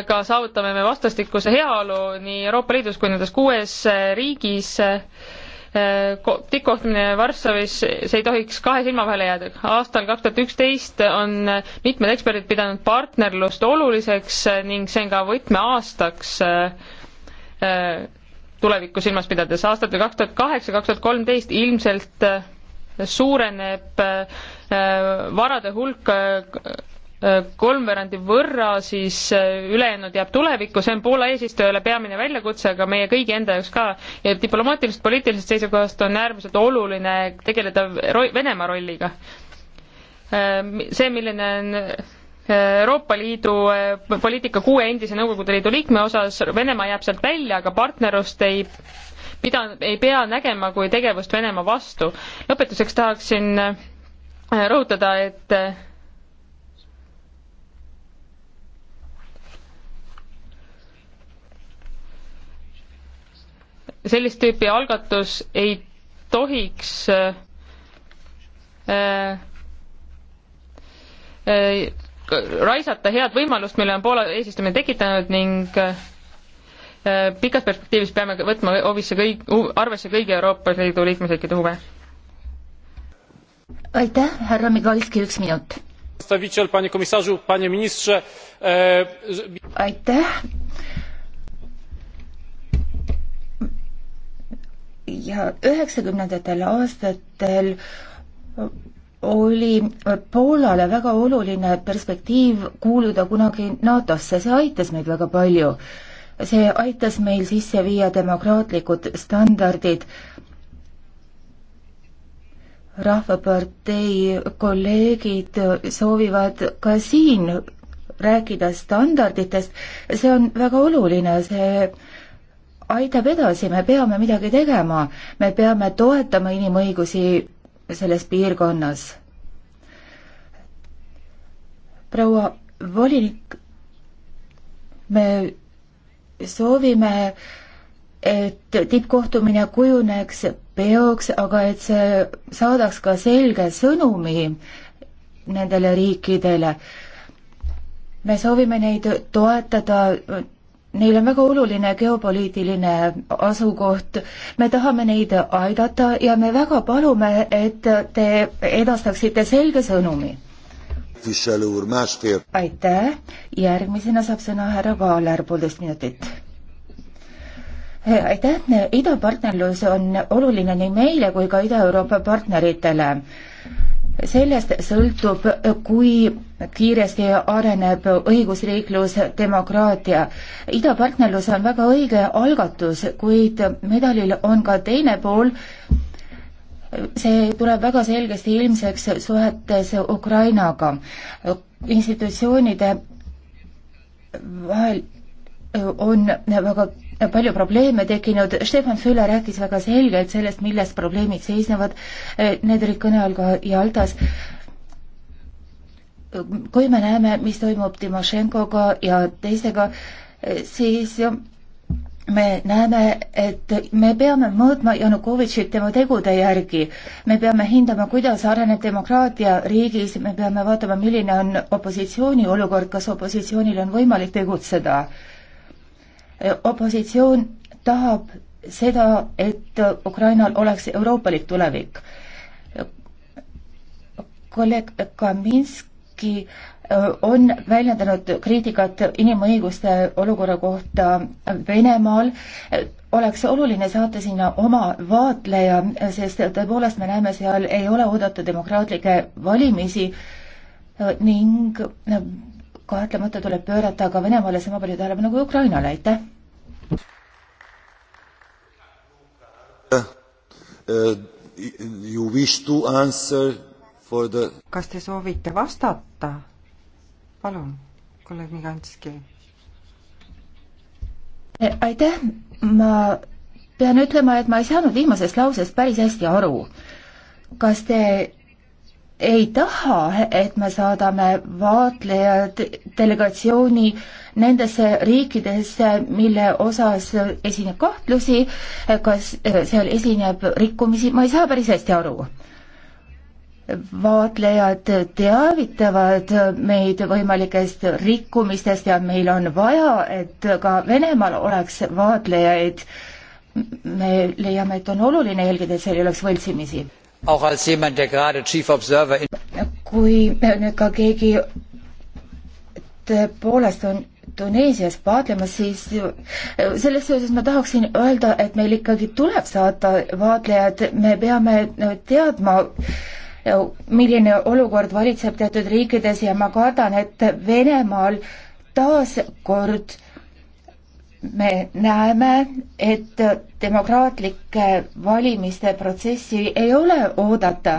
F: ka saavutame me vastastikuse heaolu nii Euroopa Liidus kui nendes kuues äh, riigis tippkohtumine Varssavis, see ei tohiks kahe silma vahele jääda. aastal kaks tuhat üksteist on mitmed eksperdid pidanud partnerlust oluliseks ning see on ka võtmeaastaks tulevikku silmas pidades, aastatel kaks tuhat kaheksa, kaks tuhat kolmteist ilmselt äh, suureneb äh, äh, varade hulk kolmveerandi võrra, siis ülejäänud jääb tulevikku, see on Poola eesistujale peamine väljakutse, aga meie kõigi enda jaoks ka. ja diplomaatilisest, poliitilisest seisukohast on äärmiselt oluline tegeleda ro-, Venemaa rolliga. see, milline on Euroopa Liidu eh, poliitika kuue endise Nõukogude Liidu liikme osas, Venemaa jääb sealt välja, aga partnerlust ei pida, ei pea nägema kui tegevust Venemaa vastu. lõpetuseks tahaksin eh, rõhutada, et eh, sellist tüüpi algatus ei tohiks äh, äh, raisata head võimalust, mille on Poola eesistumine tekitanud ning äh, pikas perspektiivis peame võtma hobisse kõik, arvesse kõigi Euroopa Liidu liikmesriikide huve.
E: aitäh, härra Migalski, üks minut. E, aitäh. ja üheksakümnendatel aastatel oli Poolale väga oluline perspektiiv kuuluda kunagi NATO-sse, see aitas meid väga palju. see aitas meil sisse viia demokraatlikud standardid. rahvapartei kolleegid soovivad ka siin rääkida standarditest, see on väga oluline, see aitab edasi, me peame midagi tegema, me peame toetama inimõigusi selles piirkonnas. proua volinik, me soovime, et tippkohtumine kujuneks peoks, aga et see saadaks ka selge sõnumi nendele riikidele. me soovime neid toetada Neil on väga oluline geopoliitiline asukoht. me tahame neid aidata ja me väga palume, et te edastaksite selge sõnumi. aitäh, järgmisena saab sõna härra Vaaler, poolteist minutit. aitäh, idapartnerlus on oluline nii meile kui ka Ida-Euroopa partneritele sellest sõltub, kui kiiresti areneb õigusriiklus, demokraatia. idapartnerlus on väga õige algatus, kuid medalil on ka teine pool, see tuleb väga selgesti ilmseks suhetes Ukrainaga. institutsioonide vahel on väga palju probleeme tekkinud, Stefan Fülle rääkis väga selgelt sellest, milles probleemid seisnevad, eh, need olid kõne all ka Jaltas. kui me näeme, mis toimub Timošenkoga ja teistega, eh, siis me näeme, et me peame mõõtma Janukovitšit tema tegude järgi. me peame hindama, kuidas areneb demokraatia riigis, me peame vaatama, milline on opositsiooni olukord, kas opositsioonil on võimalik tegutseda opositsioon tahab seda, et Ukrainal oleks euroopalik tulevik. kolleeg Kaminski äh, on väljendanud kriitikat inimõiguste olukorra kohta Venemaal. oleks oluline saata sinna oma vaatleja, sest tõepoolest me näeme, seal ei ole oodata demokraatlikke valimisi äh, ning äh, kahtlemata tuleb pöörata ka Venemaale sama palju tähelepanu kui nagu Ukrainale, aitäh!
B: The...
G: kas te soovite vastata? palun, kolleeg Miganski.
E: aitäh, ma pean ütlema, et ma ei saanud viimasest lausest päris hästi aru. kas te ei taha, et me saadame vaatlejad delegatsiooni nendesse riikidesse, mille osas esineb kahtlusi, kas seal esineb rikkumisi, ma ei saa päris hästi aru. vaatlejad teavitavad meid võimalikest rikkumistest ja meil on vaja, et ka Venemaal oleks vaatlejaid. me leiame, et on oluline jälgida, et seal ei oleks võltsimisi kui nüüd ka keegi tõepoolest on Tuneesias vaatlemas, siis selles seoses ma tahaksin öelda, et meil ikkagi tuleb saata vaatlejad, me peame teadma, milline olukord valitseb teatud riikides ja ma kardan, et Venemaal taas kord äh, me näeme, et demokraatlike valimiste protsessi ei ole oodata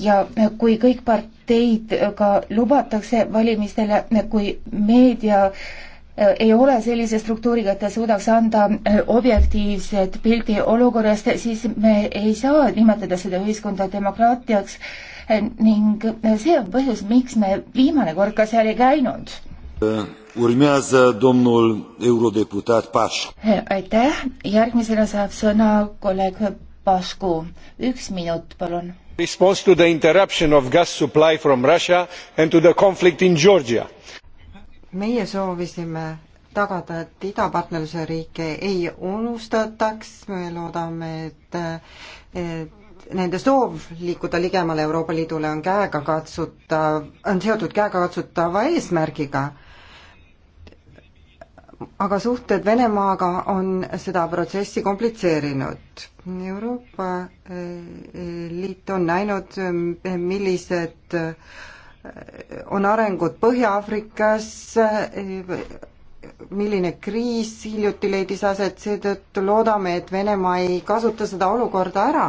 E: ja kui kõik parteid ka lubatakse valimistele, kui meedia äh, ei ole sellise struktuuriga, et ta suudaks anda äh, objektiivset pildi olukorrast, siis me ei saa nimetada seda ühiskonda demokraatiaks äh, ning see on põhjus, miks me viimane kord ka seal ei käinud
B: äh Urmează domnul eurodeputat Pașcu.
E: Aitäh! Järgmisena saab sõna kolleeg Pașcu. Üks minut, palun.
B: Response to the interruption of gas supply from Russia and to the conflict in Georgia.
G: Meie soovisime tagada, et idapartnerluse riike ei unustataks, me loodame, et, et nende soov liikuda ligemale Euroopa Liidule on käegakatsutav, on seotud käegakatsutava eesmärgiga aga suhted Venemaaga on seda protsessi komplitseerinud. Euroopa eh, Liit on näinud, eh, millised eh, on arengud Põhja-Aafrikas, milline kriis hiljuti leidis aset, seetõttu loodame, et Venemaa ei kasuta seda olukorda ära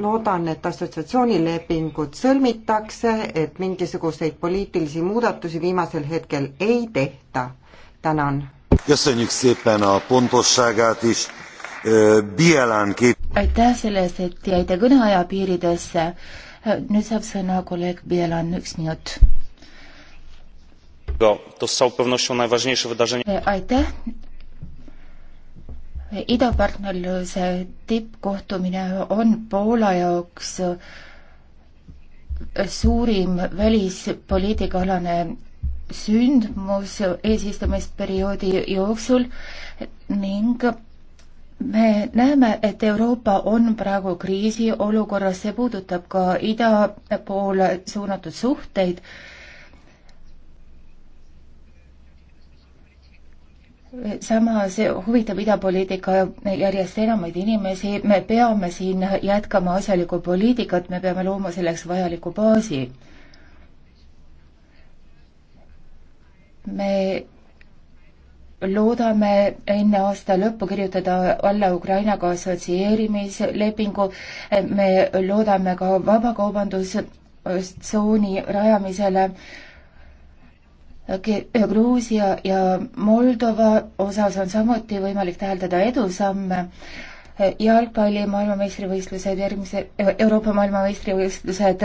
G: loodan, et assotsiatsioonilepingud sõlmitakse, et mingisuguseid poliitilisi muudatusi viimasel hetkel ei tehta. tänan.
E: aitäh selle eest, et jäite kõneaja piiridesse. nüüd saab sõna kolleeg Bielan, üks minut. aitäh idapartnerluse tippkohtumine on Poola jaoks suurim välispoliitikaalane sündmus eesistumisperioodi jooksul ning me näeme, et Euroopa on praegu kriisiolukorras, see puudutab ka ida poole suunatud suhteid samas huvitab idapoliitika järjest enamaid inimesi, me peame siin jätkama asjalikku poliitikat, me peame looma selleks vajaliku baasi. me loodame enne aasta lõppu kirjutada alla Ukrainaga assotsieerimislepingu, me loodame ka vabakaubandustsooni rajamisele äh, Eh, Gruusia ja Moldova osas on samuti võimalik täheldada edusamme. Eh, jalgpalli maailmameistrivõistlused, järgmise eh, Euroopa maailmameistrivõistlused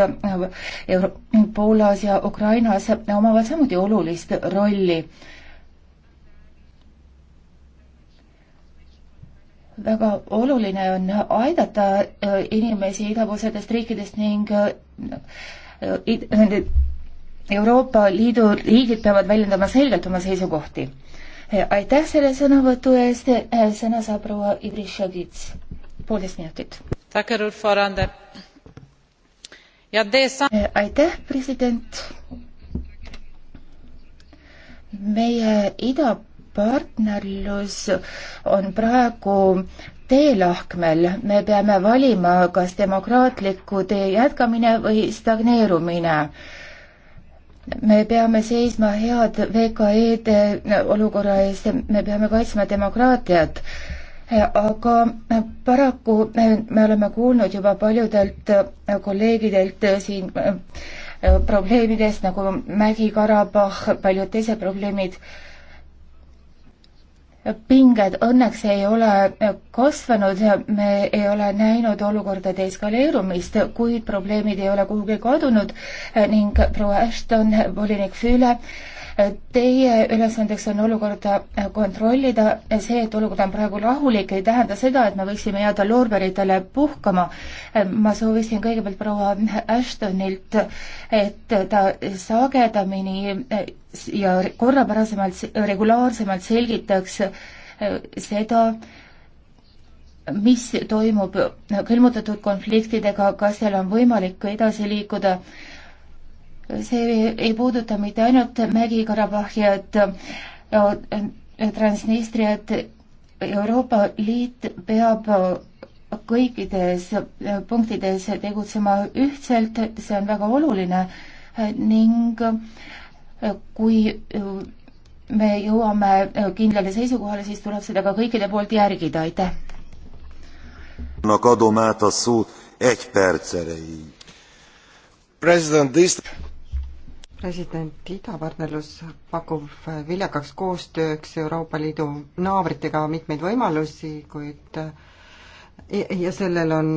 E: Euro Poolas ja Ukrainas omavad samuti olulist rolli väga oluline on aidata inimesi idapoolsetest riikidest ning nende Euroopa Liidu liigid peavad väljendama selgelt oma seisukohti. aitäh selle sõnavõtu eest, sõna saab proua Ivriševits, poolteist minutit. aitäh, president. meie idapartnerlus on praegu teelahkmel me peame valima, kas demokraatliku tee jätkamine või stagneerumine me peame seisma head VKE-de olukorra eest, me peame kaitsma demokraatiat, aga paraku me, me oleme kuulnud juba paljudelt kolleegidelt siin probleemidest nagu Mägi-Karabahh, paljud teised probleemid pinged õnneks ei ole kasvanud, me ei ole näinud olukordade eskaleerumist, kuid probleemid ei ole kuhugi kadunud ning proua Ashton, volinik Füüle, Teie ülesandeks on olukorda äh, kontrollida, see, et olukord on praegu rahulik, ei tähenda seda, et me võiksime jääda loorberitele puhkama. Äh, ma soovisin kõigepealt proua Ashtonilt, et ta sagedamini äh, ja korrapärasemalt, regulaarsemalt selgitaks seda, mis toimub külmutatud konfliktidega, kas seal on võimalik edasi liikuda see ei puuduta mitte ainult Mägi-Karabahhiat, Transnistriat, Euroopa Liit peab kõikides punktides tegutsema ühtselt, see on väga oluline ning kui me jõuame kindlale seisukohale, siis tuleb seda ka kõikide poolt järgida, aitäh.
B: president, this
E: president,
G: idapartnerlus pakub viljakaks koostööks Euroopa Liidu naabritega mitmeid võimalusi, kuid ja sellel on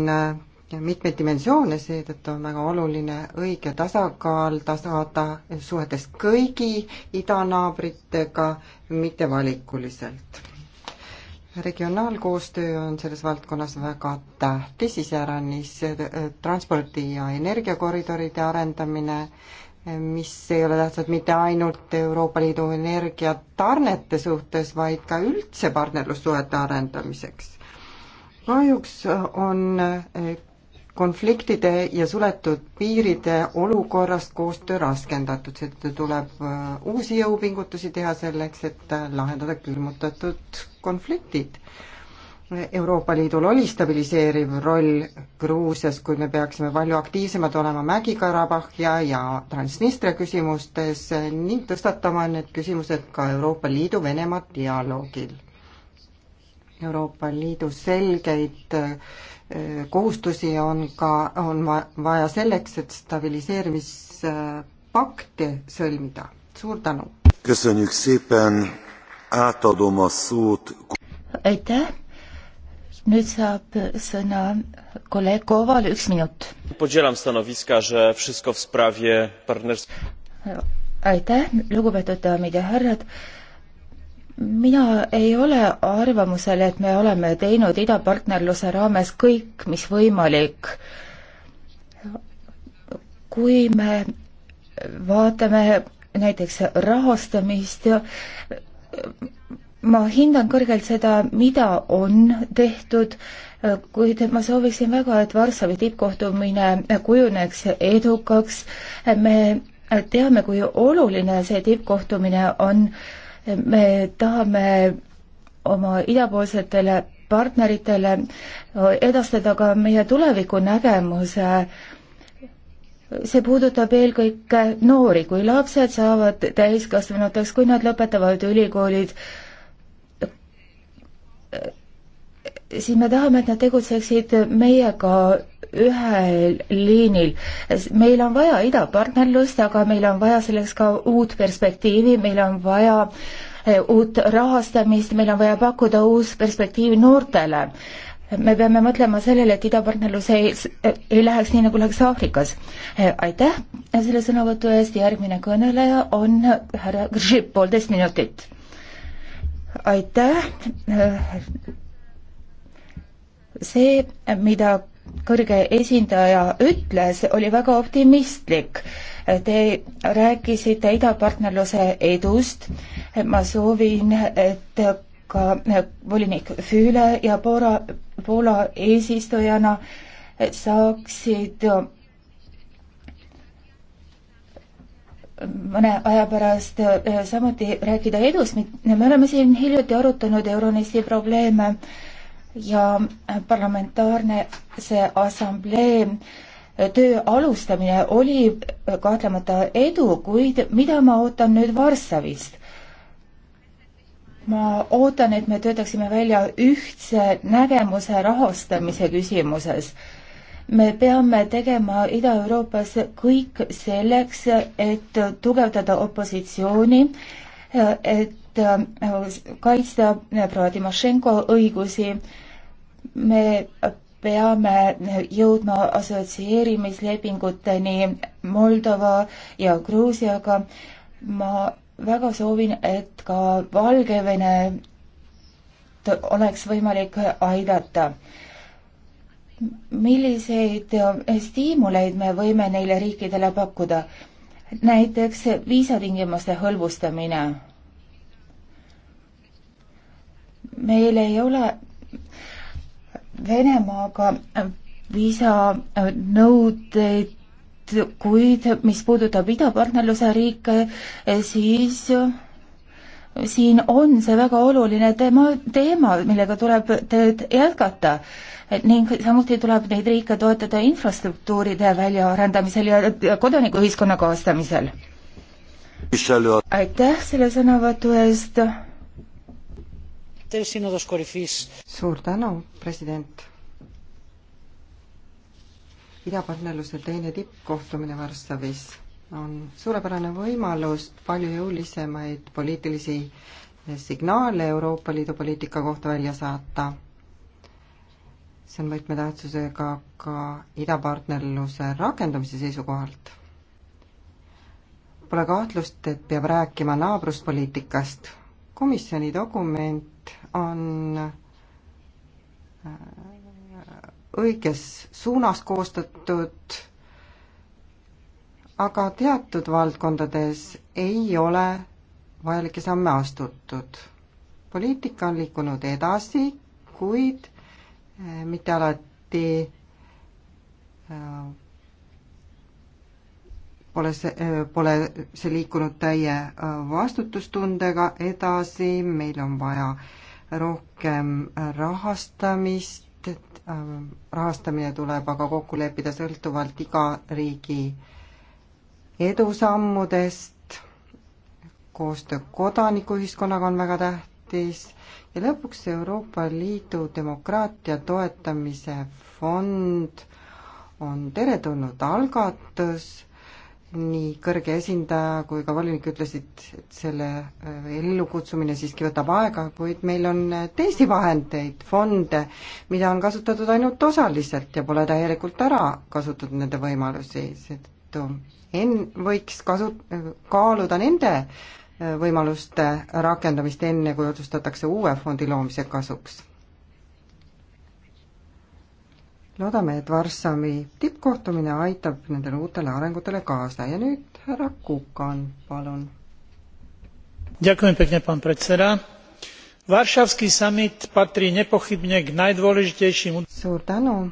G: mitmeid dimensioone, seetõttu on väga oluline õige tasakaal tasada suhetes kõigi idanaabritega, mitte valikuliselt. regionaalkoostöö on selles valdkonnas väga tähtis, iseäranis transpordi- ja energiakoridoride arendamine, mis ei ole tähtsad mitte ainult Euroopa Liidu energiatarnete suhtes, vaid ka üldse partnerlussuhete arendamiseks. kahjuks on eh, konfliktide ja suletud piiride olukorrast koostöö raskendatud, seetõttu tuleb eh, uusi jõupingutusi teha selleks, et eh, lahendada külmutatud konfliktid Euroopa Liidul oli stabiliseeriv roll Gruusias, kuid me peaksime palju aktiivsemad olema Mägi-Karabahhia ja Transnistria küsimustes ning tõstatama need küsimused ka Euroopa Liidu Venemaa dialoogil. Euroopa Liidu selgeid eh, kohustusi on ka, on vaja selleks, et stabiliseerimispakti sõlmida.
E: suur tänu! aitäh! nüüd saab sõna kolleeg Koval, üks minut. aitäh, lugupeetud daamid ja härrad. mina ei ole arvamusel, et me oleme teinud idapartnerluse raames kõik, mis võimalik. kui me vaatame näiteks rahastamist ja ma hindan kõrgelt seda, mida on tehtud, äh, kuid ma sooviksin väga, et Varssavi tippkohtumine kujuneks edukaks. me teame, kui oluline see tippkohtumine on. me tahame oma idapoolsetele partneritele edastada ka meie tulevikunägemuse. see puudutab eelkõige noori, kui lapsed saavad täiskasvanuteks, kui nad lõpetavad ülikoolid siis me tahame, et nad tegutseksid meiega ühel liinil. meil on vaja idapartnerlust, aga meil on vaja selleks ka uut perspektiivi, meil on vaja eh, uut rahastamist, meil on vaja pakkuda uus perspektiiv noortele. me peame mõtlema sellele, et idapartnerlus ei, ei läheks nii, nagu läks Aafrikas. Eh, aitäh selle sõnavõtu eest, järgmine kõneleja on härra Gržib, poolteist minutit. aitäh eh, see, mida kõrge esindaja ütles, oli väga optimistlik. Te rääkisite idapartnerluse edust. ma soovin, et ka volinik Füüle ja Poola, Poola eesistujana saaksid mõne aja pärast samuti rääkida edust. me oleme siin hiljuti arutanud Euronesti probleeme ja parlamentaarne see assamblee äh, töö alustamine oli äh, kahtlemata edu, kuid mida ma ootan nüüd Varssavist? ma ootan, et me töötaksime välja ühtse nägemuse rahastamise küsimuses. me peame tegema Ida-Euroopas kõik selleks, et tugevdada opositsiooni, äh, et et äh, kaitsta äh, proua Timošenko õigusi. me peame jõudma assotsieerimislepinguteni Moldova ja Gruusiaga. ma väga soovin, et ka Valgevene oleks võimalik aidata. milliseid äh, stiimuleid me võime neile riikidele pakkuda? näiteks viisatingimuste hõlbustamine meil ei ole Venemaaga viisanõudeid, kuid mis puudutab idapartnerluse riike, siis siin on see väga oluline teema, teema, millega tuleb tööd jätkata ning samuti tuleb neid riike toetada infrastruktuuride väljaarendamisel ja kodanikuühiskonna kaastamisel. aitäh selle sõnavõtu eest
G: suur tänu, president. idapartnerluse teine tippkohtumine Varssavis on suurepärane võimalus palju jõulisemaid poliitilisi signaale Euroopa Liidu poliitika kohta välja saata. see on võtmetähtsusega ka idapartnerluse rakendamise seisukohalt Pole kahtlust, et peab rääkima naabruspoliitikast. komisjoni dokument raport on äh, õiges suunas koostatud, aga teatud valdkondades ei ole vajalikke samme astutud. poliitika on liikunud edasi, kuid äh, mitte alati äh, pole see, pole see liikunud täie vastutustundega edasi, meil on vaja äh, rohkem rahastamist, ähm, rahastamine tuleb aga kokku leppida sõltuvalt iga riigi edusammudest, koostöö kodanikuühiskonnaga on väga tähtis ja lõpuks Euroopa Liidu demokraatia toetamise fond on teretulnud algatus nii kõrge esindaja kui ka volinik ütlesid, et selle äh, ellukutsumine siiski võtab aega, kuid meil on äh, teisi vahendeid, fonde, mida on kasutatud ainult osaliselt ja pole täielikult ära kasutatud nende võimalusi, seetõttu en-, võiks kasu-, kaaluda nende äh, võimaluste rakendamist enne, kui otsustatakse uue fondi loomise kasuks loodame, et Varssavi tippkohtumine aitab nendele uutele arengutele kaasa ja nüüd härra Kukan, palun.
B: Varšavský
G: summit patrí nepochybne k najdôležitejším suur tänu,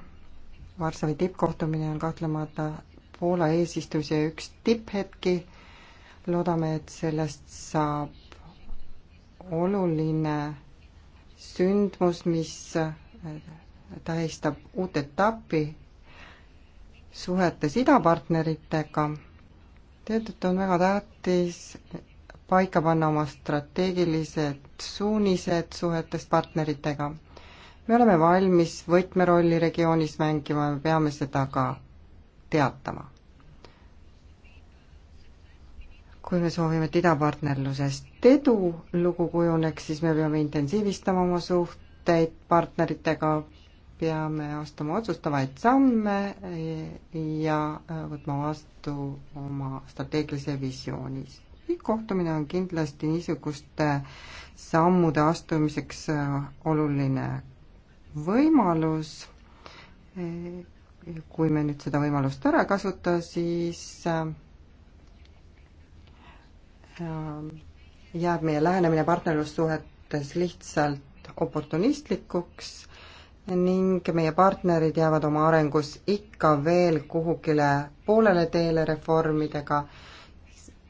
G: Varssavi tippkohtumine on kahtlemata Poola eesistumise üks tipphetki, loodame, et sellest saab oluline sündmus, mis tähistab uut etappi suhetes idapartneritega. seetõttu on väga tähtis paika panna oma strateegilised suunised suhetes partneritega. me oleme valmis võtmerolli regioonis mängima, me peame seda ka teatama. kui me soovime, et idapartnerlusest edu lugu kujuneks, siis me peame intensiivistama oma suhteid partneritega, peame astuma otsustavaid samme ja võtma vastu oma strateegilise visiooni. kohtumine on kindlasti niisuguste sammude astumiseks oluline võimalus. kui me nüüd seda võimalust ära ei kasuta, siis äh, jääb meie lähenemine partnerlussuhetes lihtsalt oportunistlikuks ning meie partnerid jäävad oma arengus ikka veel kuhugile poolele teele reformidega.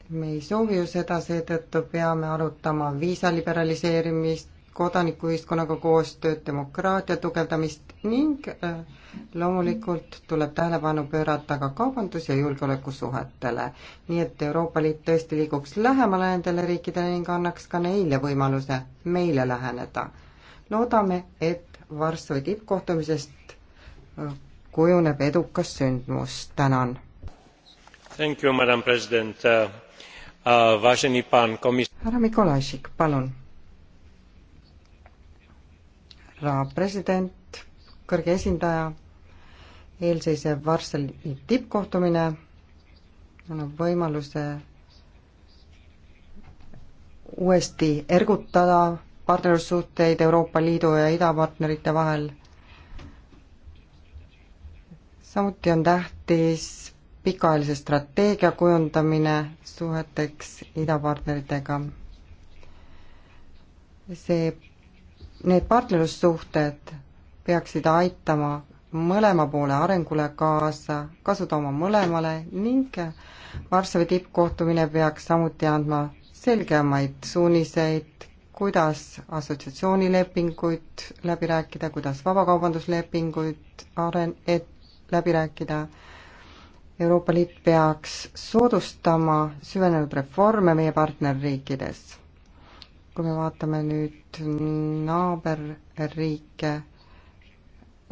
G: me ei soovi ju seda, seetõttu peame arutama viisa liberaliseerimist, kodanikuühiskonnaga koostööd, demokraatia tugevdamist ning äh, loomulikult tuleb tähelepanu pöörata ka kaubandus- ja julgeolekusuhetele. nii et Euroopa Liit tõesti liiguks lähemale nendele riikidele ning annaks ka neile võimaluse meile läheneda. loodame, et Varssavi tippkohtumisest äh, kujuneb edukas sündmus. tänan.
B: Äh, äh,
G: härra Mikolašik, palun. härra president, kõrge esindaja, eelseisev Varssavi tippkohtumine annab võimaluse uuesti ergutada partnerlussuhteid Euroopa Liidu ja idapartnerite vahel. samuti on tähtis pikaajalise strateegia kujundamine suheteks idapartneritega. see, need partnerlussuhted peaksid aitama mõlema poole arengule kaasa, kasu tooma mõlemale ning Varssavi tippkohtumine peaks samuti andma selgemaid suuniseid kuidas assotsiatsioonilepinguid läbi rääkida, kuidas vabakaubanduslepinguid aren-, et läbi rääkida. Euroopa Liit peaks soodustama süvenenud reforme meie partnerriikides. kui me vaatame nüüd naaberriike,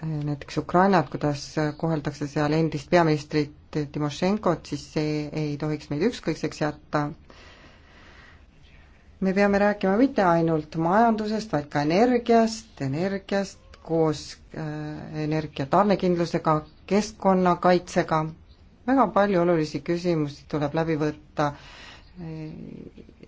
G: näiteks Ukrainat, kuidas koheldakse seal endist peaministrit Timošenkot, siis see ei tohiks meid ükskõikseks jätta me peame rääkima mitte ainult majandusest, vaid ka energiast, energiast koos äh, energia tarnekindlusega, keskkonnakaitsega, väga palju olulisi küsimusi tuleb läbi võtta. Äh,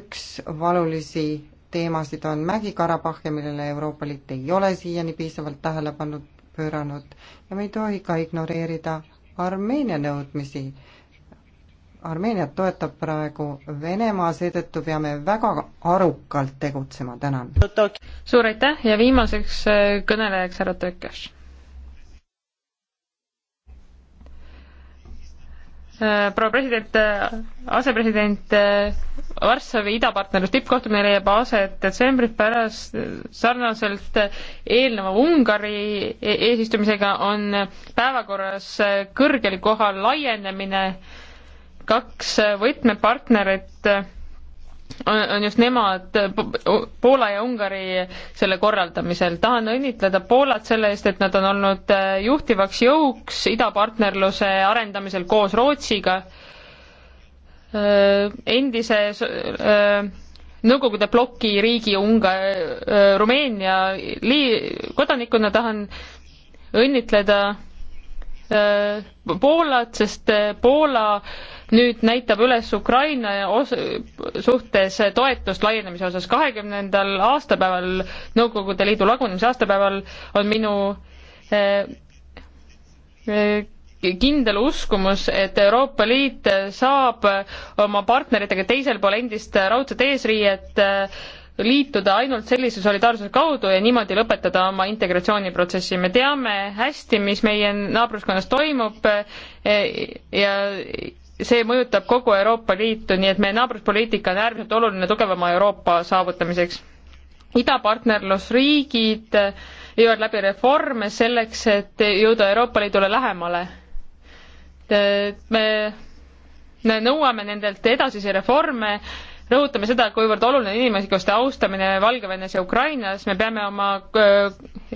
G: üks valulisi teemasid on Mägi-Karabahhi, millele Euroopa Liit ei ole siiani piisavalt tähelepanu pööranud ja me ei tohi ka ignoreerida Armeenia nõudmisi Armeeniat toetab praegu Venemaa, seetõttu peame väga arukalt tegutsema, tänan. suur aitäh ja
F: viimaseks äh, kõnelejaks härra Tökes. Äh, proua president, äh, asepresident, Varssavi idapartnerlus tippkohtumine leiab aset detsembris pärast sarnaselt eelneva Ungari e-, eesistumisega on päevakorras kõrgel kohal laienemine äh, kaks võtmepartnerit on just nemad, Poola ja Ungari selle korraldamisel. tahan õnnitleda Poolat selle eest, et nad on olnud äh, juhtivaks jõuks idapartnerluse arendamisel koos Rootsiga, äh, endise äh, Nõukogude ploki riigi Unga-, Rumeenia lii-, kodanikuna tahan õnnitleda Poolat, sest Poola nüüd näitab üles Ukraina os-, suhtes toetust laienemise osas. kahekümnendal aastapäeval, Nõukogude Liidu lagunemise aastapäeval, on minu eh, eh, kindel uskumus, et Euroopa Liit saab oma partneritega teisel pool endist raudset eesriiet eh, liituda ainult sellise solidaarsuse kaudu ja niimoodi lõpetada oma integratsiooniprotsessi. me teame hästi, mis meie naabruskonnas toimub eh, ja see mõjutab kogu Euroopa Liitu, nii et meie naabruspoliitika on äärmiselt oluline tugevama Euroopa saavutamiseks. idapartnerlusriigid viivad läbi reforme selleks, et jõuda Euroopa Liidule lähemale. me nõuame nendelt edasisi reforme, rõhutame seda, kuivõrd oluline inimõiguste austamine Valgevenes ja Ukrainas, me peame oma,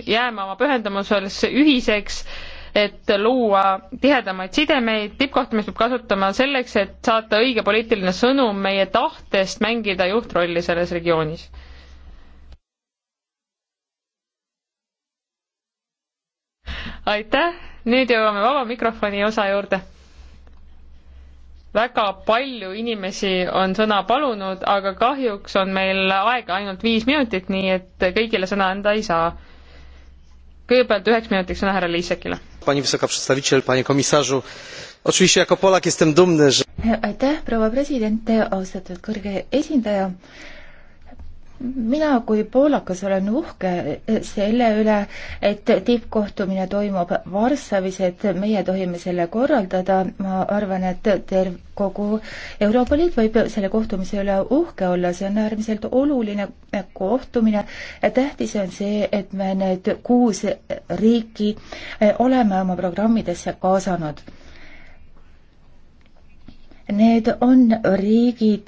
F: jääma oma pühendumusel ühiseks et luua tihedamaid sidemeid, tippkohtumist peab kasutama selleks, et saata õige poliitiline sõnum meie tahtest mängida juhtrolli selles regioonis. aitäh, nüüd jõuame vaba mikrofoni osa juurde väga palju inimesi on sõna palunud, aga kahjuks on meil aega ainult viis minutit, nii et kõigile sõna anda ei saa. kõigepealt üheks minutiks sõna härra Liisekile
B: pani wysoka przedstawiciel panie komisarzu! oczywiście jako polak jestem dumny że
E: aitäh proua president austatud kõrge esindaja mina kui poolakas olen uhke selle üle, et tippkohtumine toimub Varssavis, et meie tohime selle korraldada, ma arvan, et terv-, kogu Euroopa Liit võib selle kohtumise üle uhke olla, see on äärmiselt oluline kohtumine, tähtis on see, et me need kuus riiki oleme oma programmidesse kaasanud Need on riigid,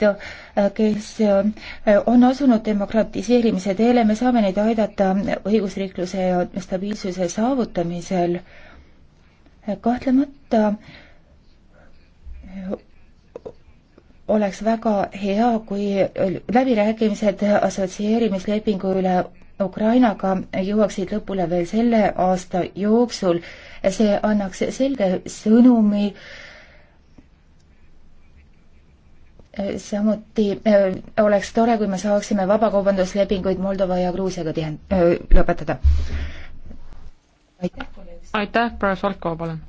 E: kes äh, on asunud demokratiseerimise teele, me saame neid aidata õigusriikluse ja stabiilsuse saavutamisel. kahtlemata äh, oleks väga hea, kui läbirääkimised assotsieerimislepingu üle Ukrainaga jõuaksid lõpule veel selle aasta jooksul. see annaks selge sõnumi äh, samuti äh, oleks tore, kui me saaksime vabakaubanduslepinguid Moldova ja Gruusiaga tihen-, äh,
F: lõpetada. aitäh, kolleeg. aitäh, proua Solko, palun.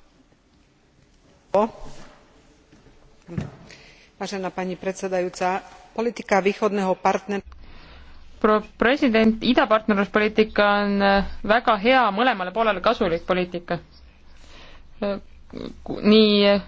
G: Vážená pani predsedajúca,
F: politika východného partner- pro-, president, idapartnerluspoliitika on äh, väga hea, mõlemale poolele kasulik poliitika. nii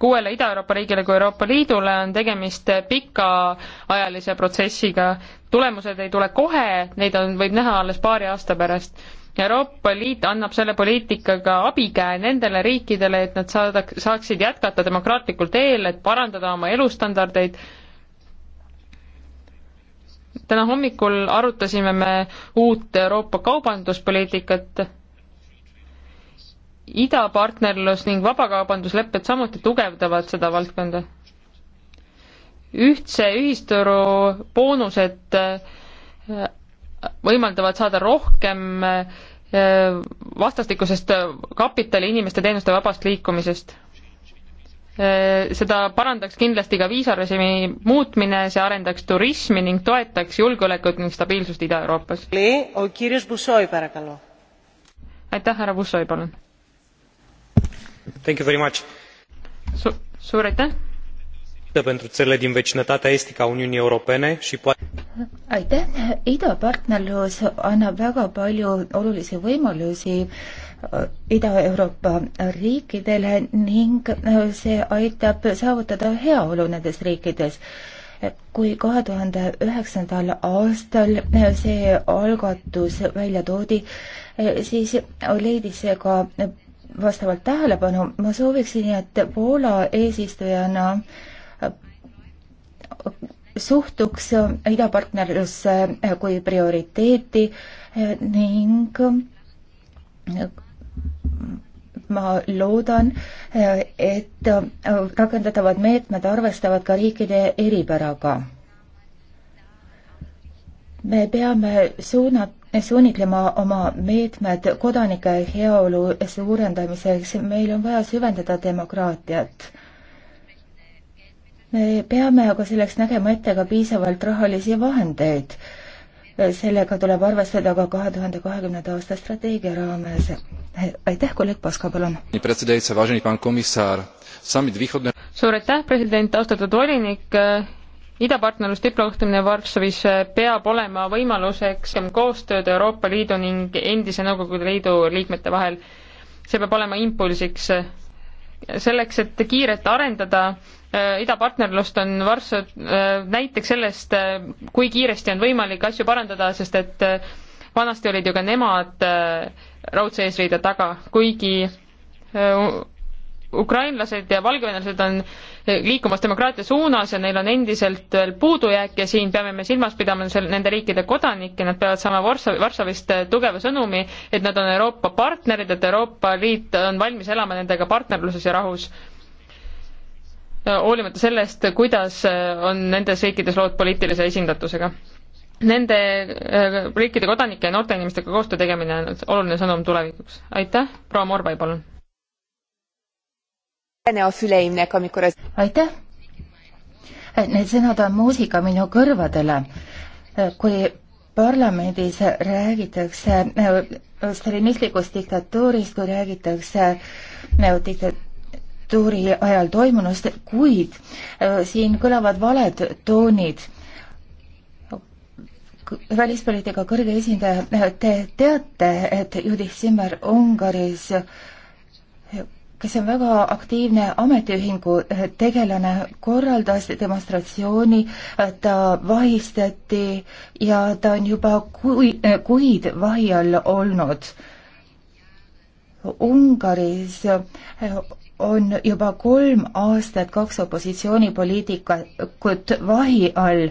F: kuuele Ida-Euroopa riigile kui Euroopa Liidule on tegemist pikaajalise protsessiga. tulemused ei tule kohe, neid on, võib näha alles paari aasta pärast. Euroopa Liit annab selle poliitikaga abikäe nendele riikidele, et nad saada, saaksid jätkata demokraatlikul teel, et parandada oma elustandardeid. täna hommikul arutasime me uut Euroopa kaubanduspoliitikat idapartnerlus ning vabakaubanduslepped samuti tugevdavad seda valdkonda. ühtse ühisturu boonused äh, võimaldavad saada rohkem äh, vastastikusest kapitali inimeste teenuste vabast liikumisest. Äh, seda parandaks kindlasti ka viisarežiimi muutmine, see arendaks turismi ning toetaks julgeolekut ning stabiilsust Ida-Euroopas. aitäh, härra Bussoi, palun!
B: Su suur aitäh! pentru țările din vecinătatea estică a Uniunii Europene și poate
E: aitäh, idapartnerlus annab väga palju olulisi võimalusi äh, Ida-Euroopa riikidele ning äh, see aitab saavutada heaolu nendes riikides kui kahe tuhande üheksandal aastal äh, see algatus välja toodi, siis leidis see ka vastavalt tähelepanu. ma sooviksin, et Poola eesistujana suhtuks idapartnerlusse kui prioriteeti ning ma loodan, et rakendatavad meetmed arvestavad ka riikide eripäraga me peame suunat-, suunitlema oma meetmed kodanike heaolu suurendamiseks, meil on vaja süvendada demokraatiat. me peame aga selleks nägema ette ka piisavalt rahalisi vahendeid. sellega tuleb arvestada ka kahe tuhande kahekümnenda aasta strateegia raames. aitäh, kolleeg Paska, palun!
F: suur aitäh, president, austatud volinik, idapartnerlus tippkohtumine Varssavis eh, peab olema võimaluseks koostööd Euroopa Liidu ning endise Nõukogude Liidu liikmete vahel. see peab olema impulsiks. selleks, et kiirelt arendada eh, idapartnerlust, on Varssav eh, näiteks sellest, kui kiiresti on võimalik asju parandada, sest et vanasti olid ju ka nemad raudse eesriide taga, kuigi ukrainlased ja valgevenelased on liikumas demokraatia suunas ja neil on endiselt veel puudujääk ja siin peame me silmas pidama seal nende riikide kodanikke, nad peavad saama Varssav-, Varssavist tugeva sõnumi, et nad on Euroopa partnerid, et Euroopa Liit on valmis elama nendega partnerluses ja rahus. hoolimata sellest, kuidas on nendes riikides lood poliitilise esindatusega. Nende äh, riikide kodanike ja noorte inimestega koostöö tegemine on oluline sõnum tulevikuks. aitäh, proua Morvai, palun!
E: aitäh! Need sõnad on muusika minu kõrvadele. kui parlamendis räägitakse äh, stalinistlikust diktatuurist, kui räägitakse äh, diktatuuri ajal toimunust, kuid äh, siin kõlavad valed toonid välispoliitika kõrge esindaja, te teate, et Judith Zimmer Ungaris äh, kes on väga aktiivne ametiühingu eh, tegelane, korraldas demonstratsiooni, eh, ta vahistati ja ta on juba kui, eh, kuid vahi all olnud. Ungaris on juba kolm aastat kaks opositsioonipoliitikut vahi all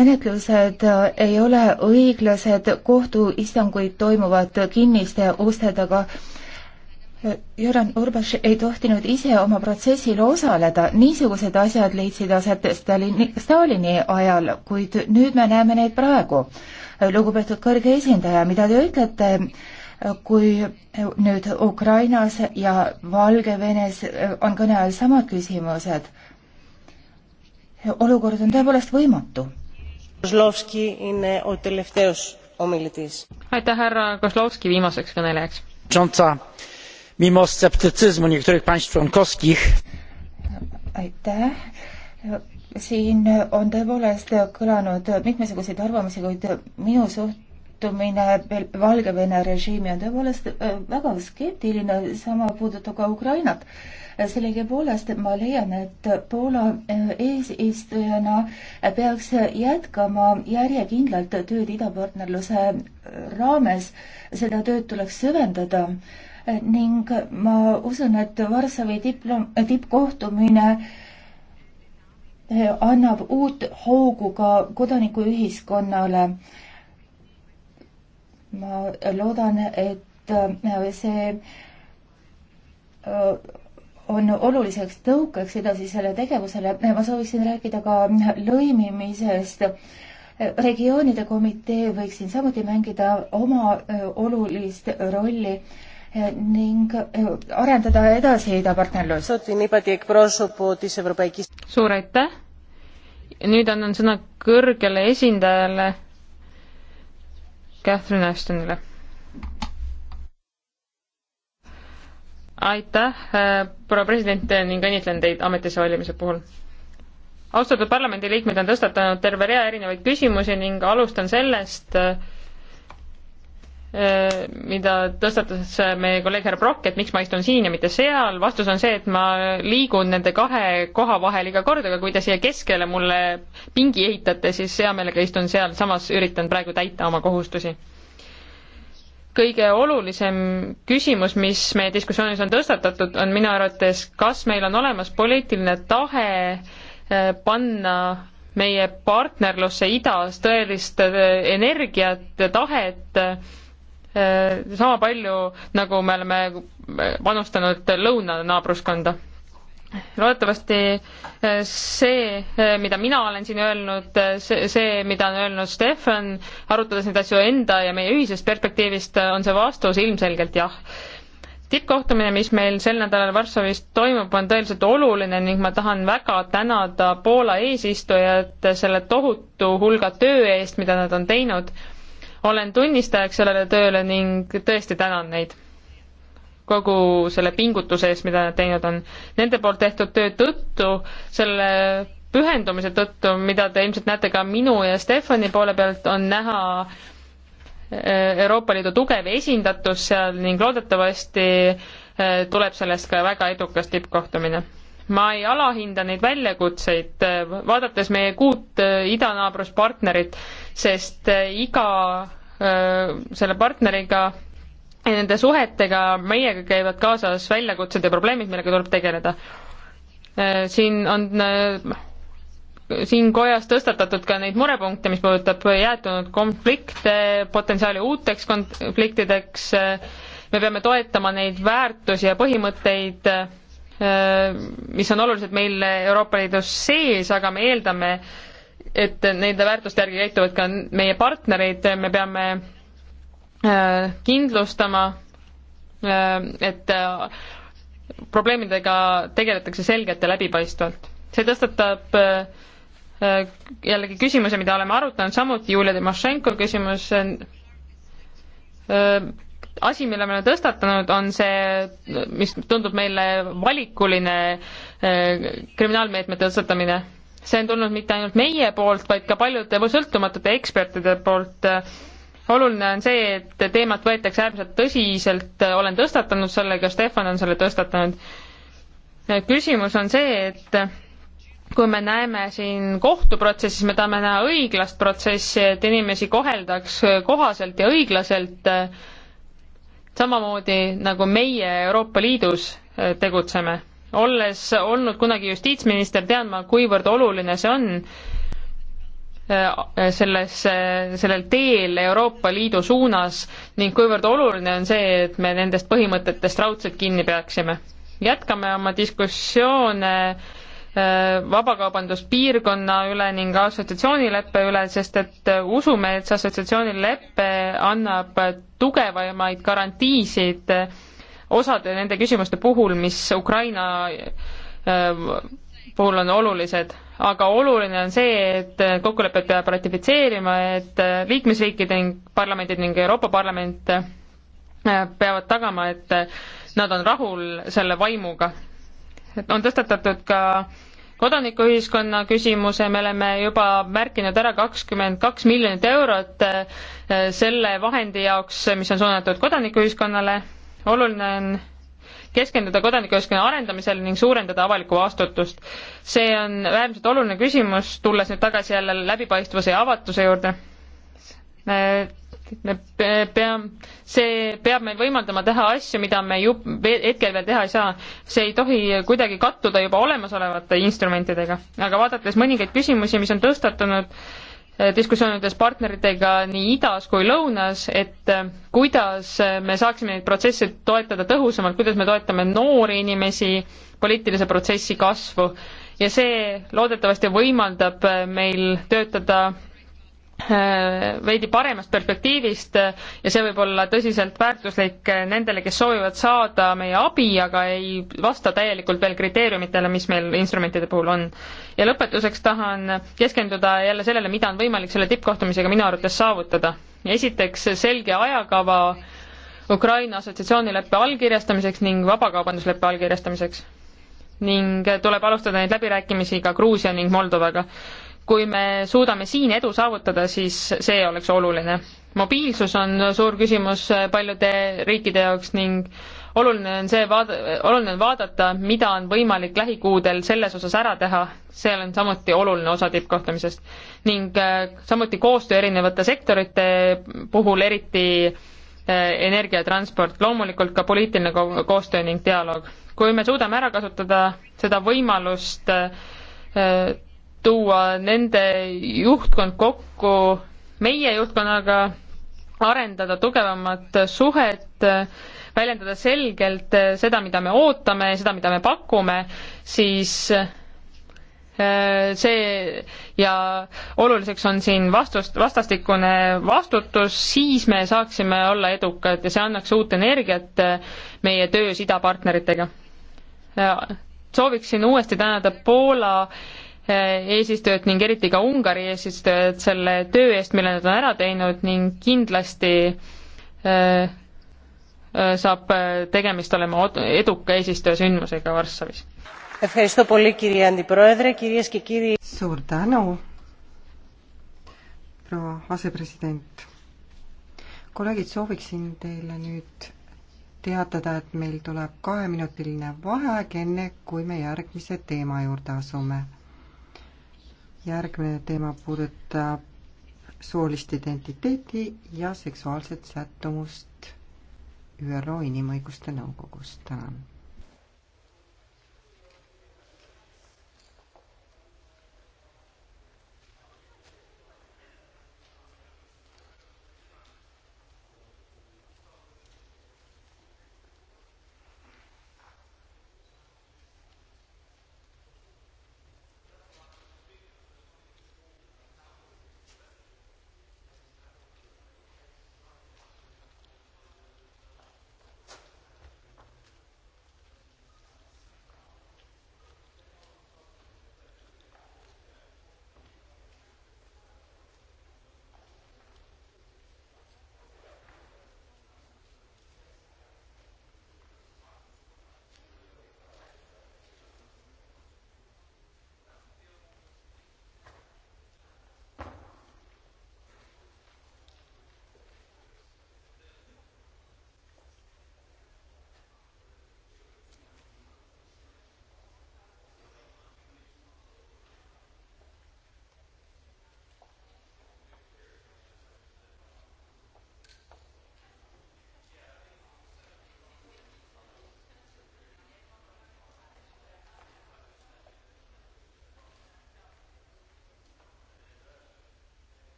E: menetlused ei ole õiglased, kohtuistanguid toimuvad kinniste uste taga Jüran Urbaš ei tohtinud ise oma protsessil osaleda, niisugused asjad leidsid aset Stalini, Stalini ajal, kuid nüüd me näeme neid praegu. lugupeetud kõrge esindaja, mida te ütlete, kui nüüd Ukrainas ja Valgevenes on kõne all samad küsimused? olukord on tõepoolest võimatu.
F: aitäh, härra Kozlovski viimaseks kõnelejaks
E: mimo sceptycyzmu
B: niektórych państw członkowskich
E: aitäh siin on tõepoolest kõlanud mitmesuguseid arvamusi, kuid minu suhtumine Valgevene režiimi on tõepoolest äh, väga skeptiline, sama puudutab ka Ukrainat. sellegipoolest ma leian, et Poola äh, eesistujana peaks jätkama järjekindlalt tööd idapartnerluse raames. seda tööd tuleks süvendada ning ma usun, et Varssavi diplom-, tippkohtumine eh, annab uut hoogu ka kodanikuühiskonnale. ma loodan, et eh, see eh, on oluliseks tõukeks edasisele tegevusele. ma sooviksin rääkida ka lõimimisest. regioonide komitee võiks siin samuti mängida oma olulist rolli ning äh, arendada edasi idapartnerlust. suur aitäh!
F: nüüd annan sõna kõrgele esindajale Catherine Ashtonile. aitäh, äh, proua president ning õnnitlen teid ametisse valimise puhul. austatud parlamendiliikmed on tõstatanud terve rea erinevaid küsimusi ning alustan sellest, äh, Äh, mida tõstatas äh, meie kolleeg härra Brock, et miks ma istun siin ja mitte seal, vastus on see, et ma liigun nende kahe koha vahel iga kord, aga kui te siia keskele mulle pingi ehitate, siis hea meelega istun seal, samas üritan praegu täita oma kohustusi. kõige olulisem küsimus, mis meie diskussioonis on tõstatatud, on minu arvates, kas meil on olemas poliitiline tahe äh, panna meie partnerlusse idas tõelist energiat, tahet, Äh, sama palju, nagu me oleme panustanud lõunanaabruskonda. loodetavasti äh, see, äh, mida mina olen siin öelnud, see, see, mida on öelnud Stefan, arutades neid asju enda ja meie ühisest perspektiivist, on see vastus ilmselgelt jah tippkohtumine, mis meil sel nädalal Varssavis toimub, on tõeliselt oluline ning ma tahan väga tänada Poola eesistujat selle tohutu hulga töö eest, mida nad on teinud olen tunnistajaks sellele tööle ning tõesti tänan neid kogu selle pingutuse eest, mida nad teinud on. Nende poolt tehtud töö tõttu, selle pühendumise tõttu, mida te ilmselt näete ka minu ja Stefani poole pealt, on näha eh, Euroopa Liidu tugev esindatus seal ning loodetavasti eh, tuleb sellest ka väga edukas tippkohtumine ma ei alahinda neid väljakutseid, äh, vaadates meie kuut äh, idanaabruspartnerit, sest äh, iga selle partneriga ja nende suhetega meiega käivad kaasas väljakutsed ja probleemid, millega tuleb tegeleda. siin on siin kojas tõstatatud ka neid murepunkte, mis puudutab jäätunud konflikte, potentsiaali uuteks konfliktideks, me peame toetama neid väärtusi ja põhimõtteid, Äh, mis on olulised meil Euroopa Liidus sees, aga me eeldame, et nende väärtuste järgi käituvad ka meie partnerid, me peame äh, kindlustama, äh, et probleemidega tegeletakse selgelt ja läbipaistvalt. see tõstatab jällegi küsimuse, mida oleme arutanud, samuti Julia Timošenko küsimus, asi, mille me oleme tõstatanud, on see, mis tundub meile valikuline eh, kriminaalmeetmete tõstatamine. see on tulnud mitte ainult meie poolt, vaid ka paljude sõltumatute ekspertide poolt. oluline on see, et teemat võetakse äärmiselt tõsiselt, olen tõstatanud selle, ka Stefan on selle tõstatanud. küsimus on see, et kui me näeme siin kohtuprotsessis, me tahame näha õiglast protsessi, et inimesi koheldaks kohaselt ja õiglaselt äh, samamoodi nagu meie Euroopa Liidus äh, tegutseme. olles olnud kunagi justiitsminister, tean ma, kuivõrd oluline see on äh, selles, äh, sellel teel Euroopa Liidu suunas ning kuivõrd oluline on see, et me nendest põhimõtetest raudselt kinni peaksime. jätkame oma diskussioone Äh, vabakaubanduspiirkonna üle ning assotsiatsioonileppe üle, sest et äh, usume, et see assotsiatsioonilepe annab tugevamaid garantiisid äh, osade nende küsimuste puhul, mis Ukraina puhul on olulised, aga oluline on see, et kokkulepet peab ratifitseerima, et liikmesriikide ning parlamendid ning Euroopa Parlament peavad tagama, et nad on rahul selle vaimuga. et on tõstatatud ka äh, kodanikuühiskonna küsimuse, me oleme juba märkinud ära kakskümmend kaks miljonit eurot eh, selle vahendi jaoks, mis on suunatud kodanikuühiskonnale. oluline on keskenduda kodanikuühiskonna arendamisele ning suurendada avalikku vastutust. see on äärmiselt oluline küsimus, tulles nüüd tagasi jälle läbipaistvuse ja avatuse juurde me peame, see peab meil võimaldama teha asju, mida me ju hetkel veel teha ei saa. see ei tohi kuidagi kattuda juba olemasolevate instrumentidega, aga vaadates mõningaid küsimusi, mis on tõstatunud eh, diskussioonides partneritega nii idas kui lõunas, et eh, kuidas eh, me saaksime neid protsesse toetada tõhusamalt, kuidas me toetame noori inimesi, poliitilise protsessi kasvu ja see loodetavasti võimaldab meil töötada Äh, veidi paremast perspektiivist äh, ja see võib olla tõsiselt väärtuslik äh, nendele, kes soovivad saada meie abi, aga ei vasta täielikult veel kriteeriumitele, mis meil instrumentide puhul on. ja lõpetuseks tahan keskenduda jälle sellele, mida on võimalik selle tippkohtumisega minu arvates saavutada. esiteks selge ajakava Ukraina assotsiatsioonileppe allkirjastamiseks ning vabakaubandusleppe allkirjastamiseks. ning tuleb alustada neid läbirääkimisi ka Gruusia ning Moldovaga kui me suudame siin edu saavutada, siis see oleks oluline. mobiilsus on suur küsimus paljude riikide jaoks ning oluline on see vaada, oluline on vaadata, mida on võimalik lähikuudel selles osas ära teha, see on samuti oluline osa tippkohtumisest. ning äh, samuti koostöö erinevate sektorite puhul, eriti äh, energia ja transport, loomulikult ka poliitiline ko koostöö ning dialoog. kui me suudame ära kasutada seda võimalust äh, tuua nende juhtkond kokku meie juhtkonnaga, arendada tugevamat suhet, väljendada selgelt seda, mida me ootame, seda, mida me pakume, siis eh, see ja oluliseks on siin vastust, vastastikune vastutus, siis me saaksime olla edukad ja see annaks uut energiat eh, meie töös idapartneritega. sooviksin uuesti tänada Poola Eh, eesistujat ning eriti ka Ungari eesistujat selle töö eest, mille nad on ära teinud ning kindlasti eh, eh, saab tegemist olema eduka eesistuja
G: sündmusega Varssavis. suur tänu, proua asepresident. kolleegid, sooviksin teile nüüd teatada, et meil tuleb kaheminutiline vaheaeg, enne kui me järgmise teema juurde asume järgmine teema puudutab soolist identiteeti ja seksuaalset sättumust ÜRO Inimõiguste Nõukogust. tänan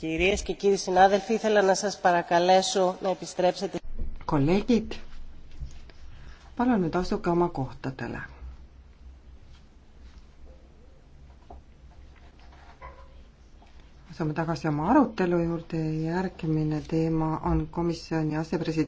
E: Κυρίες και κύριοι συνάδελφοι, ήθελα να σας παρακαλέσω να επιστρέψετε.
G: Κολέγιτ, palun nüüd asuge oma kohtadele. asume tagasi oma arutelu juurde, järgmine teema on komisjoni asepresident.